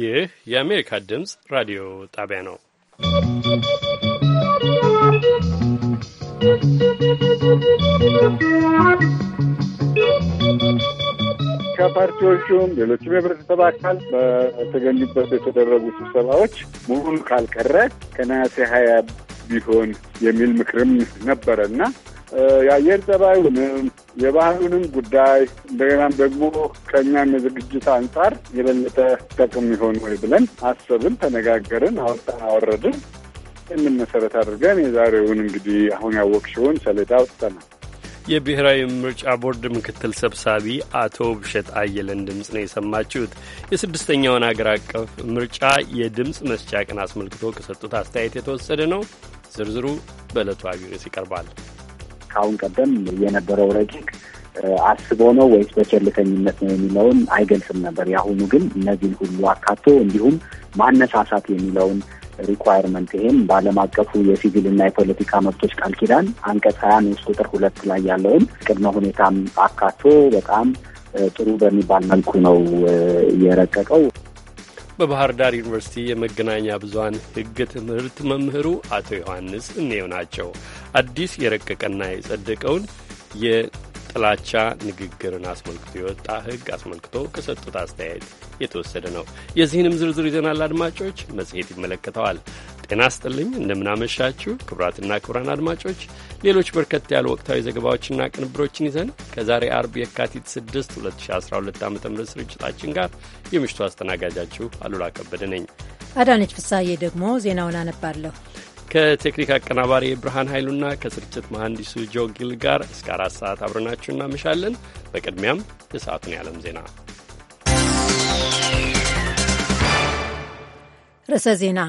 ይህ የአሜሪካ ድምፅ ራዲዮ ጣቢያ ነው። ከፓርቲዎቹም ሌሎችም የህብረተሰብ አካል በተገኙበት የተደረጉ ስብሰባዎች መሆኑ ካልቀረ ከነሐሴ ሀያ ቢሆን የሚል ምክርም ነበረና የአየር ጸባዩንም የባህሉንም ጉዳይ እንደገናም ደግሞ ከእኛም የዝግጅት አንጻር የበለጠ ጠቅም ይሆን ወይ ብለን አሰብን፣ ተነጋገርን፣ አወጣን፣ አወረድን። ይህንን መሰረት አድርገን የዛሬውን እንግዲህ አሁን ያወቅሽውን ሰሌዳ አውጥተናል። የብሔራዊ ምርጫ ቦርድ ምክትል ሰብሳቢ አቶ ብሸት አየለን ድምፅ ነው የሰማችሁት። የስድስተኛውን አገር አቀፍ ምርጫ የድምፅ መስጫ ቀን አስመልክቶ ከሰጡት አስተያየት የተወሰደ ነው። ዝርዝሩ በዕለቱ አቢሬስ ይቀርባል። ከአሁን ቀደም የነበረው ረቂቅ አስቦ ነው ወይስ በቸልተኝነት ነው የሚለውን አይገልጽም ነበር። የአሁኑ ግን እነዚህን ሁሉ አካቶ እንዲሁም ማነሳሳት የሚለውን ሪኳየርመንት ይሄም በዓለም አቀፉ የሲቪልና የፖለቲካ መብቶች ቃል ኪዳን አንቀጽ ሀያ ንዑስ ቁጥር ሁለት ላይ ያለውን ቅድመ ሁኔታም አካቶ በጣም ጥሩ በሚባል መልኩ ነው የረቀቀው። በባህር ዳር ዩኒቨርሲቲ የመገናኛ ብዙሀን ሕግ ትምህርት መምህሩ አቶ ዮሐንስ እኔው ናቸው። አዲስ የረቀቀና የጸደቀውን የጥላቻ ንግግርን አስመልክቶ የወጣ ሕግ አስመልክቶ ከሰጡት አስተያየት የተወሰደ ነው። የዚህንም ዝርዝር ይዘናል። አድማጮች መጽሔት ይመለከተዋል። ጤና ስጥልኝ እንደምናመሻችሁ ክቡራትና ክቡራን አድማጮች ሌሎች በርከት ያሉ ወቅታዊ ዘገባዎችና ቅንብሮችን ይዘን ከዛሬ አርብ የካቲት 6 2012 ዓ ም ስርጭታችን ጋር የምሽቱ አስተናጋጃችሁ አሉላ ከበደ ነኝ። አዳነች ፍሳዬ ደግሞ ዜናውን አነባለሁ። ከቴክኒክ አቀናባሪ ብርሃን ኃይሉና ከስርጭት መሐንዲሱ ጆ ጊል ጋር እስከ አራት ሰዓት አብረናችሁ እናመሻለን። በቅድሚያም የሰዓቱን የዓለም ዜና ርዕሰ ዜና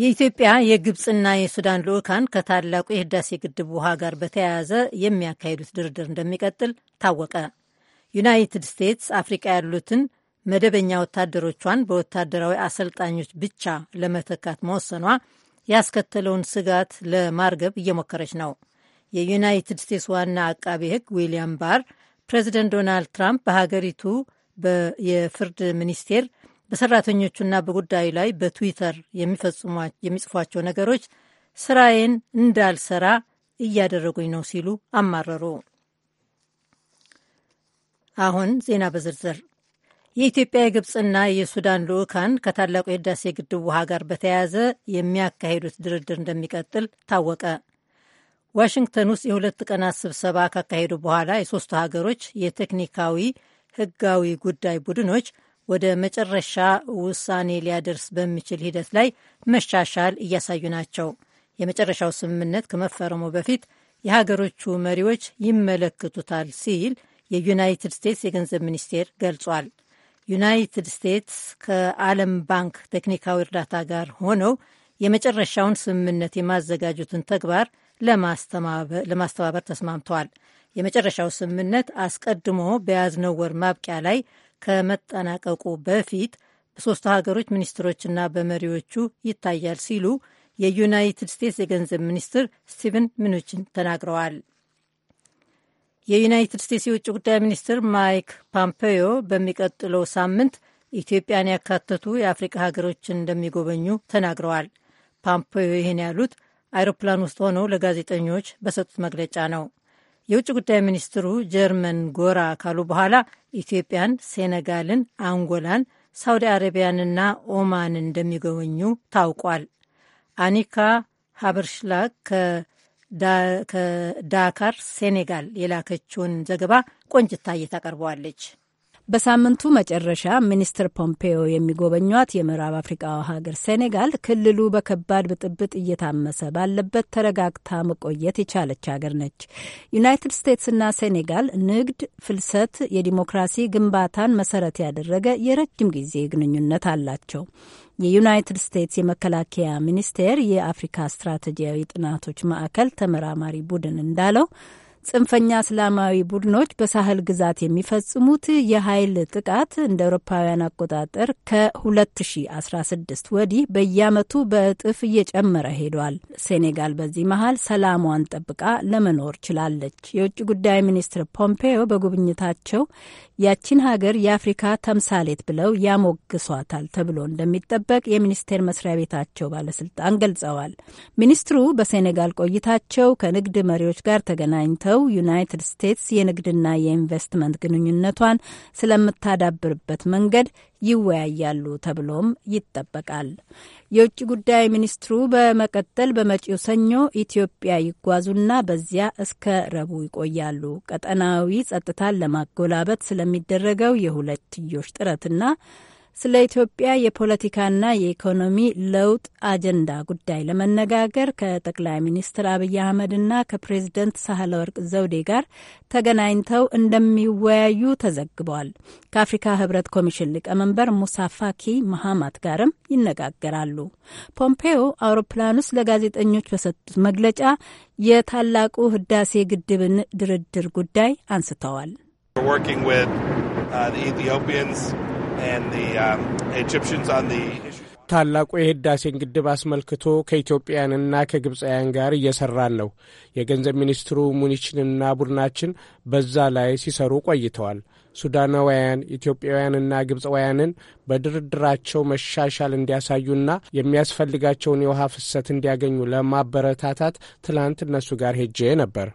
የኢትዮጵያ የግብፅና የሱዳን ልዑካን ከታላቁ የህዳሴ ግድብ ውሃ ጋር በተያያዘ የሚያካሂዱት ድርድር እንደሚቀጥል ታወቀ። ዩናይትድ ስቴትስ አፍሪቃ ያሉትን መደበኛ ወታደሮቿን በወታደራዊ አሰልጣኞች ብቻ ለመተካት መወሰኗ ያስከተለውን ስጋት ለማርገብ እየሞከረች ነው። የዩናይትድ ስቴትስ ዋና አቃቤ ሕግ ዊሊያም ባር ፕሬዚደንት ዶናልድ ትራምፕ በሀገሪቱ የፍርድ ሚኒስቴር በሰራተኞቹና በጉዳዩ ላይ በትዊተር የሚጽፏቸው ነገሮች ስራዬን እንዳልሰራ እያደረጉኝ ነው ሲሉ አማረሩ። አሁን ዜና በዝርዝር። የኢትዮጵያ የግብፅና የሱዳን ልዑካን ከታላቁ የህዳሴ ግድብ ውሃ ጋር በተያያዘ የሚያካሂዱት ድርድር እንደሚቀጥል ታወቀ። ዋሽንግተን ውስጥ የሁለት ቀናት ስብሰባ ካካሄዱ በኋላ የሶስቱ ሀገሮች የቴክኒካዊ ህጋዊ ጉዳይ ቡድኖች ወደ መጨረሻ ውሳኔ ሊያደርስ በሚችል ሂደት ላይ መሻሻል እያሳዩ ናቸው። የመጨረሻው ስምምነት ከመፈረሙ በፊት የሀገሮቹ መሪዎች ይመለከቱታል ሲል የዩናይትድ ስቴትስ የገንዘብ ሚኒስቴር ገልጿል። ዩናይትድ ስቴትስ ከዓለም ባንክ ቴክኒካዊ እርዳታ ጋር ሆነው የመጨረሻውን ስምምነት የማዘጋጁትን ተግባር ለማስተባበር ተስማምተዋል። የመጨረሻው ስምምነት አስቀድሞ በያዝነው ወር ማብቂያ ላይ ከመጠናቀቁ በፊት በሶስቱ ሀገሮች ሚኒስትሮችና በመሪዎቹ ይታያል ሲሉ የዩናይትድ ስቴትስ የገንዘብ ሚኒስትር ስቲቨን ምኑችን ተናግረዋል። የዩናይትድ ስቴትስ የውጭ ጉዳይ ሚኒስትር ማይክ ፓምፔዮ በሚቀጥለው ሳምንት ኢትዮጵያን ያካተቱ የአፍሪካ ሀገሮችን እንደሚጎበኙ ተናግረዋል። ፓምፔዮ ይህን ያሉት አይሮፕላን ውስጥ ሆነው ለጋዜጠኞች በሰጡት መግለጫ ነው። የውጭ ጉዳይ ሚኒስትሩ ጀርመን ጎራ ካሉ በኋላ ኢትዮጵያን፣ ሴኔጋልን፣ አንጎላን፣ ሳውዲ አረቢያንና ኦማንን እንደሚጎበኙ ታውቋል። አኒካ ሀበርሽላግ ከዳካር ሴኔጋል የላከችውን ዘገባ ቆንጅታ እየታቀርበዋለች። በሳምንቱ መጨረሻ ሚኒስትር ፖምፔዮ የሚጎበኟት የምዕራብ አፍሪቃ ሀገር ሴኔጋል ክልሉ በከባድ ብጥብጥ እየታመሰ ባለበት ተረጋግታ መቆየት የቻለች ሀገር ነች። ዩናይትድ ስቴትስና ሴኔጋል ንግድ፣ ፍልሰት፣ የዲሞክራሲ ግንባታን መሰረት ያደረገ የረጅም ጊዜ ግንኙነት አላቸው። የዩናይትድ ስቴትስ የመከላከያ ሚኒስቴር የአፍሪካ ስትራቴጂያዊ ጥናቶች ማዕከል ተመራማሪ ቡድን እንዳለው ጽንፈኛ እስላማዊ ቡድኖች በሳህል ግዛት የሚፈጽሙት የኃይል ጥቃት እንደ አውሮፓውያን አቆጣጠር ከ2016 ወዲህ በየዓመቱ በእጥፍ እየጨመረ ሄዷል። ሴኔጋል በዚህ መሀል ሰላሟን ጠብቃ ለመኖር ችላለች። የውጭ ጉዳይ ሚኒስትር ፖምፔዮ በጉብኝታቸው ያቺን ሀገር የአፍሪካ ተምሳሌት ብለው ያሞግሷታል ተብሎ እንደሚጠበቅ የሚኒስቴር መስሪያ ቤታቸው ባለስልጣን ገልጸዋል። ሚኒስትሩ በሴኔጋል ቆይታቸው ከንግድ መሪዎች ጋር ተገናኝተው ገልጸው ዩናይትድ ስቴትስ የንግድና የኢንቨስትመንት ግንኙነቷን ስለምታዳብርበት መንገድ ይወያያሉ ተብሎም ይጠበቃል። የውጭ ጉዳይ ሚኒስትሩ በመቀጠል በመጪው ሰኞ ኢትዮጵያ ይጓዙና በዚያ እስከ ረቡዕ ይቆያሉ። ቀጠናዊ ጸጥታን ለማጎላበት ስለሚደረገው የሁለትዮሽ ጥረትና ስለ ኢትዮጵያ የፖለቲካና የኢኮኖሚ ለውጥ አጀንዳ ጉዳይ ለመነጋገር ከጠቅላይ ሚኒስትር አብይ አህመድና ከፕሬዝደንት ሳህለ ወርቅ ዘውዴ ጋር ተገናኝተው እንደሚወያዩ ተዘግበዋል። ከአፍሪካ ህብረት ኮሚሽን ሊቀመንበር ሙሳ ፋኪ መሀማት ጋርም ይነጋገራሉ። ፖምፔዮ አውሮፕላን ውስጥ ለጋዜጠኞች በሰጡት መግለጫ የታላቁ ህዳሴ ግድብን ድርድር ጉዳይ አንስተዋል። Um, ታላቁ የህዳሴን ግድብ አስመልክቶ ከኢትዮጵያውያንና ከግብፃውያን ጋር እየሰራን ነው። የገንዘብ ሚኒስትሩ ሙኒችንና ቡድናችን በዛ ላይ ሲሰሩ ቆይተዋል። ሱዳናውያን፣ ኢትዮጵያውያንና ግብፃውያንን በድርድራቸው መሻሻል እንዲያሳዩና የሚያስፈልጋቸውን የውሃ ፍሰት እንዲያገኙ ለማበረታታት ትላንት እነሱ ጋር ሄጄ ነበር።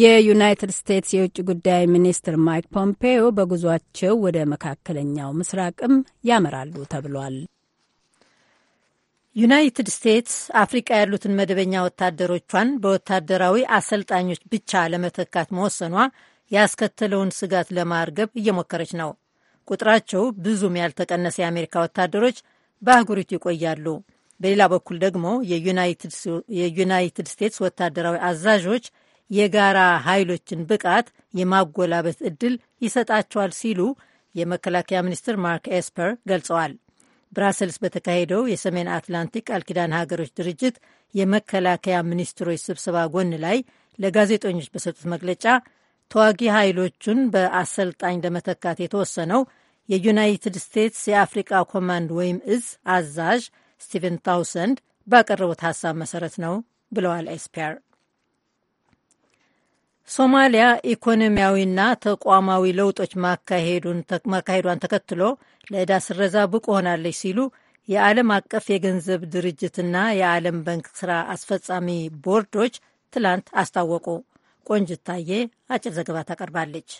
የዩናይትድ ስቴትስ የውጭ ጉዳይ ሚኒስትር ማይክ ፖምፔዮ በጉዟቸው ወደ መካከለኛው ምስራቅም ያመራሉ ተብሏል። ዩናይትድ ስቴትስ አፍሪቃ ያሉትን መደበኛ ወታደሮቿን በወታደራዊ አሰልጣኞች ብቻ ለመተካት መወሰኗ ያስከተለውን ስጋት ለማርገብ እየሞከረች ነው። ቁጥራቸው ብዙም ያልተቀነሰ የአሜሪካ ወታደሮች በአህጉሪቱ ይቆያሉ። በሌላ በኩል ደግሞ የዩናይትድ ስቴትስ ወታደራዊ አዛዦች የጋራ ኃይሎችን ብቃት የማጎላበት እድል ይሰጣቸዋል ሲሉ የመከላከያ ሚኒስትር ማርክ ኤስፐር ገልጸዋል። ብራሰልስ በተካሄደው የሰሜን አትላንቲክ ቃል ኪዳን ሀገሮች ድርጅት የመከላከያ ሚኒስትሮች ስብሰባ ጎን ላይ ለጋዜጠኞች በሰጡት መግለጫ ተዋጊ ኃይሎቹን በአሰልጣኝ ለመተካት የተወሰነው የዩናይትድ ስቴትስ የአፍሪቃ ኮማንድ ወይም እዝ አዛዥ ስቲቨን ታውሰንድ ባቀረቡት ሀሳብ መሰረት ነው ብለዋል ኤስፒር ሶማሊያ ኢኮኖሚያዊና ተቋማዊ ለውጦች ማካሄዷን ተከትሎ ለዕዳ ስረዛ ብቁ ሆናለች ሲሉ የዓለም አቀፍ የገንዘብ ድርጅትና የዓለም ባንክ ስራ አስፈጻሚ ቦርዶች ትላንት አስታወቁ። ቆንጅታዬ አጭር ዘገባ ታቀርባለች።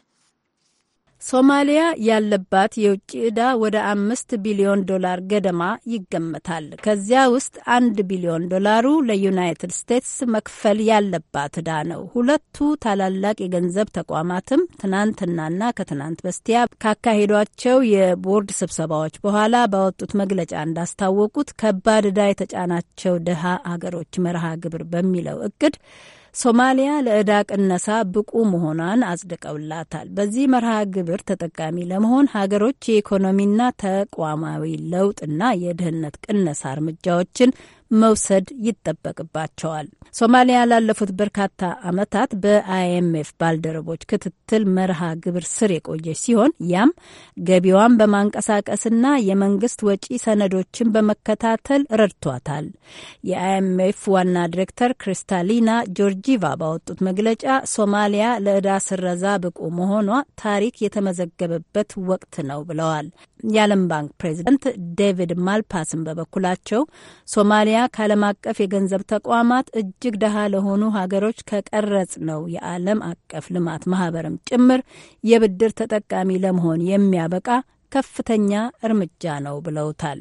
ሶማሊያ ያለባት የውጭ ዕዳ ወደ አምስት ቢሊዮን ዶላር ገደማ ይገመታል። ከዚያ ውስጥ አንድ ቢሊዮን ዶላሩ ለዩናይትድ ስቴትስ መክፈል ያለባት ዕዳ ነው። ሁለቱ ታላላቅ የገንዘብ ተቋማትም ትናንትናና ከትናንት በስቲያ ካካሄዷቸው የቦርድ ስብሰባዎች በኋላ ባወጡት መግለጫ እንዳስታወቁት ከባድ ዕዳ የተጫናቸው ድሃ አገሮች መርሃ ግብር በሚለው እቅድ ሶማሊያ ለዕዳ ቅነሳ ብቁ መሆኗን አጽድቀውላታል። በዚህ መርሃ ግብር ተጠቃሚ ለመሆን ሀገሮች የኢኮኖሚና ተቋማዊ ለውጥና የድህነት ቅነሳ እርምጃዎችን መውሰድ ይጠበቅባቸዋል። ሶማሊያ ላለፉት በርካታ ዓመታት በአይኤምኤፍ ባልደረቦች ክትትል መርሃ ግብር ስር የቆየች ሲሆን ያም ገቢዋን በማንቀሳቀስና የመንግስት ወጪ ሰነዶችን በመከታተል ረድቷታል። የአይኤምኤፍ ዋና ዲሬክተር ክሪስታሊና ጆርጂቫ ባወጡት መግለጫ ሶማሊያ ለዕዳ ስረዛ ብቁ መሆኗ ታሪክ የተመዘገበበት ወቅት ነው ብለዋል። የዓለም ባንክ ፕሬዚደንት ዴቪድ ማልፓስን በበኩላቸው ሶማሊያ ኬንያ ከዓለም አቀፍ የገንዘብ ተቋማት እጅግ ደሃ ለሆኑ ሀገሮች ከቀረጽ ነው የዓለም አቀፍ ልማት ማህበርም ጭምር የብድር ተጠቃሚ ለመሆን የሚያበቃ ከፍተኛ እርምጃ ነው ብለውታል።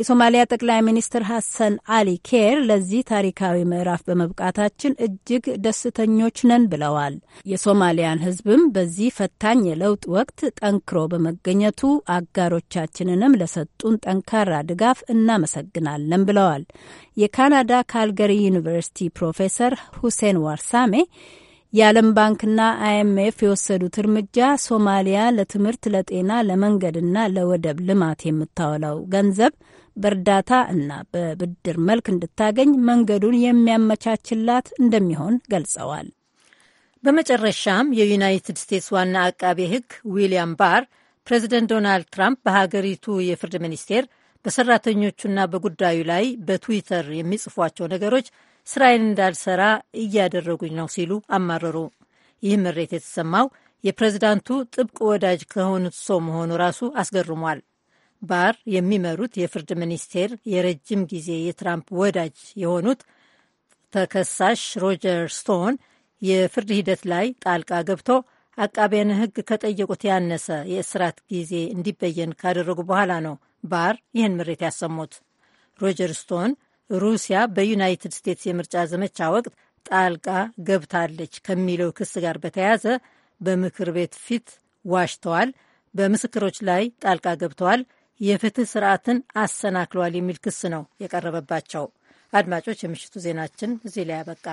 የሶማሊያ ጠቅላይ ሚኒስትር ሐሰን አሊ ኬር ለዚህ ታሪካዊ ምዕራፍ በመብቃታችን እጅግ ደስተኞች ነን ብለዋል። የሶማሊያን ሕዝብም በዚህ ፈታኝ የለውጥ ወቅት ጠንክሮ በመገኘቱ አጋሮቻችንንም ለሰጡን ጠንካራ ድጋፍ እናመሰግናለን ብለዋል። የካናዳ ካልገሪ ዩኒቨርሲቲ ፕሮፌሰር ሁሴን ዋርሳሜ የዓለም ባንክና አይኤምኤፍ የወሰዱት እርምጃ ሶማሊያ ለትምህርት፣ ለጤና፣ ለመንገድና ለወደብ ልማት የምታውለው ገንዘብ በእርዳታ እና በብድር መልክ እንድታገኝ መንገዱን የሚያመቻችላት እንደሚሆን ገልጸዋል። በመጨረሻም የዩናይትድ ስቴትስ ዋና አቃቤ ሕግ ዊሊያም ባር ፕሬዚደንት ዶናልድ ትራምፕ በሀገሪቱ የፍርድ ሚኒስቴር በሰራተኞቹና በጉዳዩ ላይ በትዊተር የሚጽፏቸው ነገሮች ስራዬን እንዳልሰራ እያደረጉኝ ነው ሲሉ አማረሩ። ይህ ምሬት የተሰማው የፕሬዚዳንቱ ጥብቅ ወዳጅ ከሆኑት ሰው መሆኑ ራሱ አስገርሟል። ባር የሚመሩት የፍርድ ሚኒስቴር የረጅም ጊዜ የትራምፕ ወዳጅ የሆኑት ተከሳሽ ሮጀር ስቶን የፍርድ ሂደት ላይ ጣልቃ ገብቶ አቃቢያን ሕግ ከጠየቁት ያነሰ የእስራት ጊዜ እንዲበየን ካደረጉ በኋላ ነው ባር ይህን ምሬት ያሰሙት። ሮጀር ስቶን ሩሲያ በዩናይትድ ስቴትስ የምርጫ ዘመቻ ወቅት ጣልቃ ገብታለች ከሚለው ክስ ጋር በተያያዘ በምክር ቤት ፊት ዋሽተዋል፣ በምስክሮች ላይ ጣልቃ ገብተዋል፣ የፍትህ ስርዓትን አሰናክሏል የሚል ክስ ነው የቀረበባቸው። አድማጮች፣ የምሽቱ ዜናችን እዚህ ላይ ያበቃ።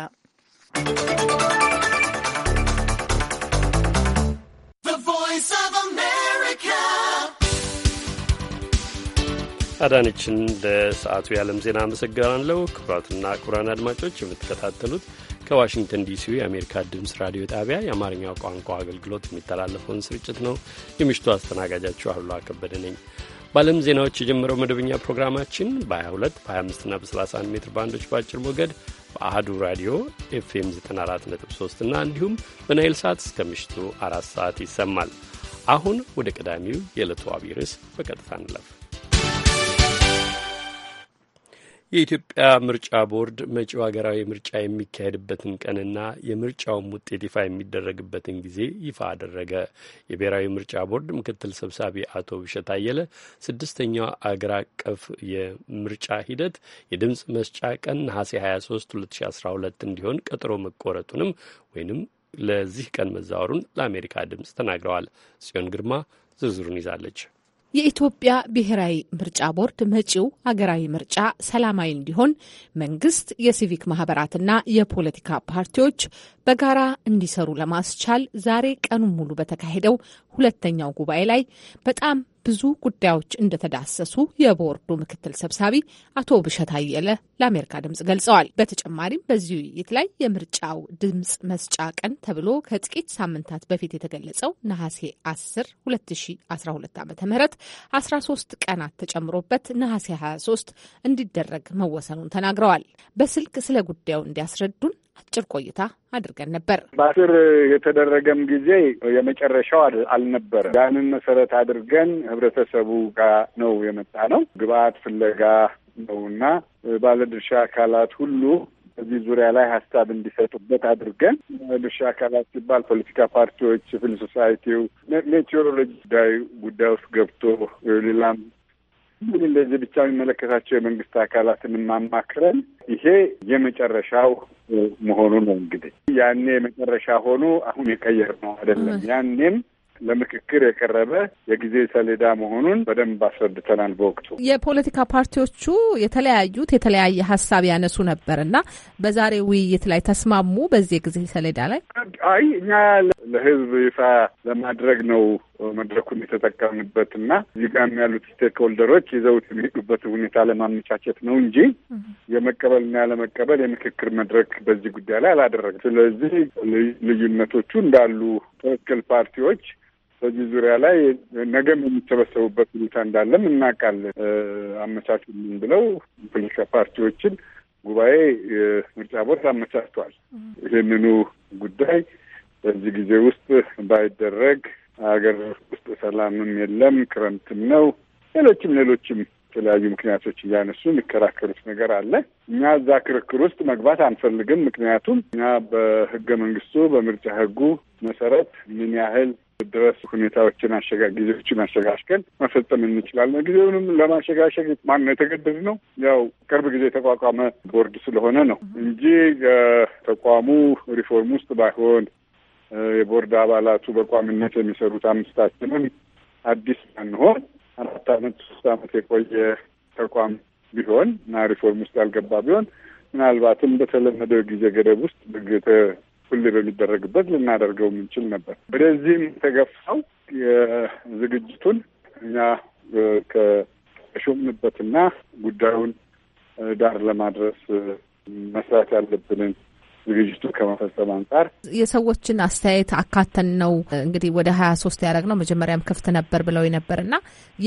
አዳነችን ለሰዓቱ የዓለም ዜና አመሰግናለሁ። ክቡራትና ክቡራን አድማጮች የምትከታተሉት ከዋሽንግተን ዲሲ የአሜሪካ ድምፅ ራዲዮ ጣቢያ የአማርኛው ቋንቋ አገልግሎት የሚተላለፈውን ስርጭት ነው። የምሽቱ አስተናጋጃችሁ አሉላ ከበደ ነኝ። በዓለም ዜናዎች የጀመረው መደበኛ ፕሮግራማችን በ22 በ25ና በ31 ሜትር ባንዶች በአጭር ሞገድ በአህዱ ራዲዮ ኤፍኤም 94.3 እና እንዲሁም በናይል ሰዓት እስከ ምሽቱ አራት ሰዓት ይሰማል። አሁን ወደ ቀዳሚው የዕለቱ አብይ ርዕስ በቀጥታ እንለፍ። የኢትዮጵያ ምርጫ ቦርድ መጪው ሀገራዊ ምርጫ የሚካሄድበትን ቀንና የምርጫውን ውጤት ይፋ የሚደረግበትን ጊዜ ይፋ አደረገ። የብሔራዊ ምርጫ ቦርድ ምክትል ሰብሳቢ አቶ ብሸት አየለ ስድስተኛው አገር አቀፍ የምርጫ ሂደት የድምፅ መስጫ ቀን ነሐሴ 23 2012 እንዲሆን ቀጠሮ መቆረጡንም ወይንም ለዚህ ቀን መዛወሩን ለአሜሪካ ድምፅ ተናግረዋል። ጽዮን ግርማ ዝርዝሩን ይዛለች። የኢትዮጵያ ብሔራዊ ምርጫ ቦርድ መጪው ሀገራዊ ምርጫ ሰላማዊ እንዲሆን መንግስት፣ የሲቪክ ማህበራትና የፖለቲካ ፓርቲዎች በጋራ እንዲሰሩ ለማስቻል ዛሬ ቀኑን ሙሉ በተካሄደው ሁለተኛው ጉባኤ ላይ በጣም ብዙ ጉዳዮች እንደተዳሰሱ የቦርዱ ምክትል ሰብሳቢ አቶ ብሸት አየለ ለአሜሪካ ድምጽ ገልጸዋል። በተጨማሪም በዚህ ውይይት ላይ የምርጫው ድምጽ መስጫ ቀን ተብሎ ከጥቂት ሳምንታት በፊት የተገለጸው ነሐሴ 10 2012 ዓ ም 13 ቀናት ተጨምሮበት ነሐሴ 23 እንዲደረግ መወሰኑን ተናግረዋል። በስልክ ስለ ጉዳዩ እንዲያስረዱን አጭር ቆይታ አድርገን ነበር። በአስር የተደረገም ጊዜ የመጨረሻው አልነበረም። ያንን መሰረት አድርገን ህብረተሰቡ ጋር ነው የመጣ ነው ግብአት ፍለጋ ነውና ባለድርሻ አካላት ሁሉ እዚህ ዙሪያ ላይ ሀሳብ እንዲሰጡበት አድርገን ድርሻ አካላት ሲባል ፖለቲካ ፓርቲዎች፣ ሲቪል ሶሳይቲው፣ ሜቴዎሮሎጂ ጉዳይ ጉዳይ ውስጥ ገብቶ ሌላም ምን እንደዚህ ብቻ የሚመለከታቸው የመንግስት አካላትን ማማክረን ይሄ የመጨረሻው መሆኑ ነው። እንግዲህ ያኔ የመጨረሻ ሆኖ አሁን የቀየር ነው አይደለም። ያኔም ለምክክር የቀረበ የጊዜ ሰሌዳ መሆኑን በደንብ አስረድተናል። በወቅቱ የፖለቲካ ፓርቲዎቹ የተለያዩት የተለያየ ሀሳብ ያነሱ ነበር እና በዛሬ ውይይት ላይ ተስማሙ። በዚህ የጊዜ ሰሌዳ ላይ አይ እኛ ለህዝብ ይፋ ለማድረግ ነው መድረኩን የተጠቀምንበት እና እዚህ ጋር ያሉት ስቴክ ሆልደሮች ይዘውት የሚሄዱበት ሁኔታ ለማመቻቸት ነው እንጂ የመቀበልና ያለመቀበል የምክክር መድረክ በዚህ ጉዳይ ላይ አላደረግም። ስለዚህ ልዩነቶቹ እንዳሉ ትክክል ፓርቲዎች በዚህ ዙሪያ ላይ ነገም የሚሰበሰቡበት ሁኔታ እንዳለም እናውቃለን። አመቻቹልን ብለው ፖለቲካ ፓርቲዎችን ጉባኤ ምርጫ ቦርድ አመቻችቷል። ይህንኑ ጉዳይ በዚህ ጊዜ ውስጥ ባይደረግ ሀገር ውስጥ ሰላምም የለም፣ ክረምትም ነው፣ ሌሎችም ሌሎችም የተለያዩ ምክንያቶች እያነሱ የሚከራከሩት ነገር አለ። እኛ እዛ ክርክር ውስጥ መግባት አንፈልግም። ምክንያቱም እኛ በህገ መንግስቱ በምርጫ ህጉ መሰረት ምን ያህል ድረስ ሁኔታዎችን አሸጋ ጊዜዎችን አሸጋሽገን መፈጸም እንችላለን። ጊዜውንም ለማሸጋሸግ ማን ነው የተገደድ ነው? ያው ቅርብ ጊዜ የተቋቋመ ቦርድ ስለሆነ ነው እንጂ ተቋሙ ሪፎርም ውስጥ ባይሆን የቦርድ አባላቱ በቋሚነት የሚሰሩት አምስታችንም አዲስ ባንሆን አራት አመት ሶስት አመት የቆየ ተቋም ቢሆን እና ሪፎርም ውስጥ ያልገባ ቢሆን ምናልባትም በተለመደው ጊዜ ገደብ ውስጥ ሁሌ በሚደረግበት ልናደርገው የምንችል ነበር። ወደዚህም የተገፋው የዝግጅቱን እኛ ከሾምንበትና ጉዳዩን ዳር ለማድረስ መስራት ያለብንን ዝግጅቱ ከመፈጸም አንጻር የሰዎችን አስተያየት አካተን ነው እንግዲህ ወደ ሀያ ሶስት ያደረግ ነው። መጀመሪያም ክፍት ነበር ብለው ነበር እና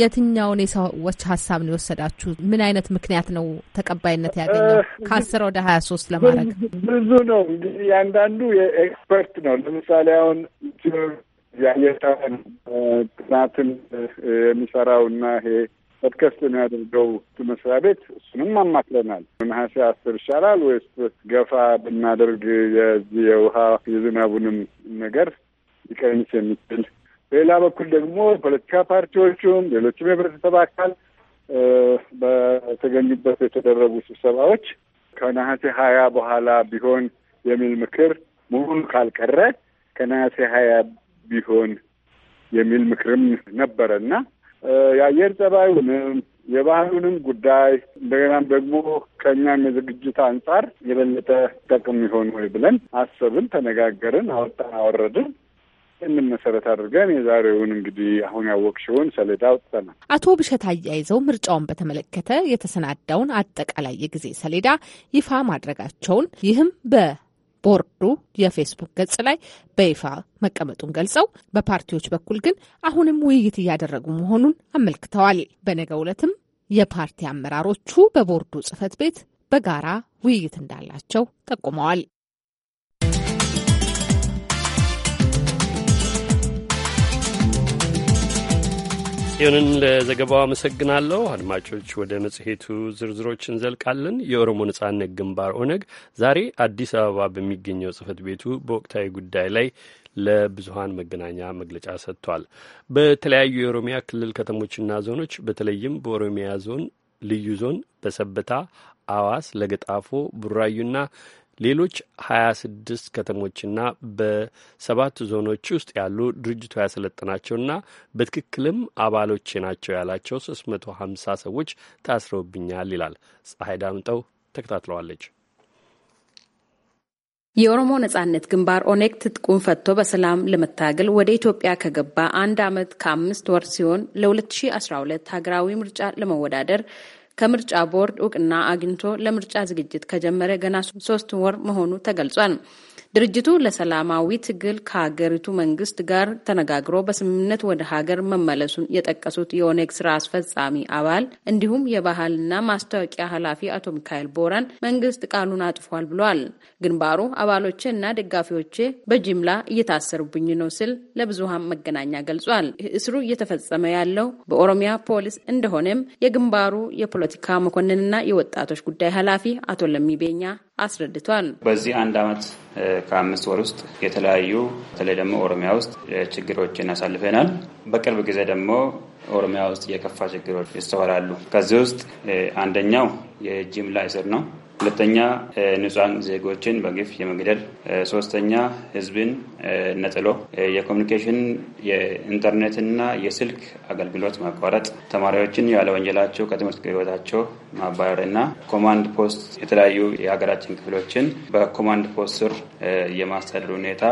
የትኛውን የሰዎች ሀሳብ ነው የወሰዳችሁ? ምን አይነት ምክንያት ነው ተቀባይነት ያገኘው ከአስር ወደ ሀያ ሶስት ለማድረግ? ብዙ ነው እንግዲህ እያንዳንዱ የኤክስፐርት ነው። ለምሳሌ አሁን የአየር ጥናትን የሚሰራው እና ይሄ ፖድካስት የሚያደርገው መስሪያ ቤት እሱንም አማክለናል። ነሐሴ አስር ይሻላል ወይስ ገፋ ብናደርግ የዚህ የውሃ የዝናቡንም ነገር ሊቀንስ የሚችል በሌላ በኩል ደግሞ ፖለቲካ ፓርቲዎቹም ሌሎችም የህብረተሰብ አካል በተገኙበት የተደረጉ ስብሰባዎች ከነሐሴ ሀያ በኋላ ቢሆን የሚል ምክር መሆኑ ካልቀረ ከነሐሴ ሀያ ቢሆን የሚል ምክርም ነበረ እና የአየር ጸባዩንም የባህሉንም ጉዳይ እንደገናም ደግሞ ከእኛም የዝግጅት አንጻር የበለጠ ጠቅም ይሆን ወይ ብለን አሰብን፣ ተነጋገርን፣ አወጣን፣ አወረድን። ይህንን መሰረት አድርገን የዛሬውን እንግዲህ አሁን ያወቅሽውን ሰሌዳ አውጥተናል። አቶ ብሸት አያይዘው ምርጫውን በተመለከተ የተሰናዳውን አጠቃላይ የጊዜ ሰሌዳ ይፋ ማድረጋቸውን ይህም በ ቦርዱ የፌስቡክ ገጽ ላይ በይፋ መቀመጡን ገልጸው በፓርቲዎች በኩል ግን አሁንም ውይይት እያደረጉ መሆኑን አመልክተዋል። በነገ ዕለትም የፓርቲ አመራሮቹ በቦርዱ ጽህፈት ቤት በጋራ ውይይት እንዳላቸው ጠቁመዋል። ጽዮንን ለዘገባው አመሰግናለሁ። አድማጮች ወደ መጽሔቱ ዝርዝሮች እንዘልቃለን። የኦሮሞ ነጻነት ግንባር ኦነግ ዛሬ አዲስ አበባ በሚገኘው ጽህፈት ቤቱ በወቅታዊ ጉዳይ ላይ ለብዙሀን መገናኛ መግለጫ ሰጥቷል። በተለያዩ የኦሮሚያ ክልል ከተሞችና ዞኖች በተለይም በኦሮሚያ ዞን ልዩ ዞን በሰበታ፣ አዋስ፣ ለገጣፎ፣ ቡራዩና ሌሎች 26 ከተሞችና በሰባት ዞኖች ውስጥ ያሉ ድርጅቱ ያሰለጠናቸውና በትክክልም አባሎቼ ናቸው ያላቸው 350 ሰዎች ታስረውብኛል ይላል። ፀሐይ ዳምጠው ተከታትለዋለች። የኦሮሞ ነጻነት ግንባር ኦኔግ ትጥቁን ፈቶ በሰላም ለመታገል ወደ ኢትዮጵያ ከገባ አንድ ዓመት ከአምስት ወር ሲሆን ለ2012 ሀገራዊ ምርጫ ለመወዳደር ከምርጫ ቦርድ እውቅና አግኝቶ ለምርጫ ዝግጅት ከጀመረ ገና ሶስት ወር መሆኑ ተገልጿል። ድርጅቱ ለሰላማዊ ትግል ከሀገሪቱ መንግስት ጋር ተነጋግሮ በስምምነት ወደ ሀገር መመለሱን የጠቀሱት የኦነግ ስራ አስፈጻሚ አባል እንዲሁም የባህልና ማስታወቂያ ኃላፊ አቶ ሚካኤል ቦራን መንግስት ቃሉን አጥፏል ብሏል። ግንባሩ አባሎቼ እና ደጋፊዎቼ በጅምላ እየታሰሩብኝ ነው ሲል ለብዙሃን መገናኛ ገልጿል። እስሩ እየተፈጸመ ያለው በኦሮሚያ ፖሊስ እንደሆነም የግንባሩ የፖለቲካ መኮንንና የወጣቶች ጉዳይ ኃላፊ አቶ ለሚቤኛ አስረድቷል። በዚህ አንድ አመት ከአምስት ወር ውስጥ የተለያዩ በተለይ ደግሞ ኦሮሚያ ውስጥ ችግሮችን አሳልፈናል። በቅርብ ጊዜ ደግሞ ኦሮሚያ ውስጥ የከፋ ችግሮች ይስተዋላሉ። ከዚህ ውስጥ አንደኛው የጅምላ እስር ነው። ሁለተኛ ንጹሐን ዜጎችን በግፍ የመግደል፣ ሶስተኛ ህዝብን ነጥሎ የኮሚኒኬሽን የኢንተርኔትና የስልክ አገልግሎት ማቋረጥ፣ ተማሪዎችን ያለ ወንጀላቸው ከትምህርት ገበታቸው ማባረርና ኮማንድ ፖስት የተለያዩ የሀገራችን ክፍሎችን በኮማንድ ፖስት ስር የማስተዳደር ሁኔታ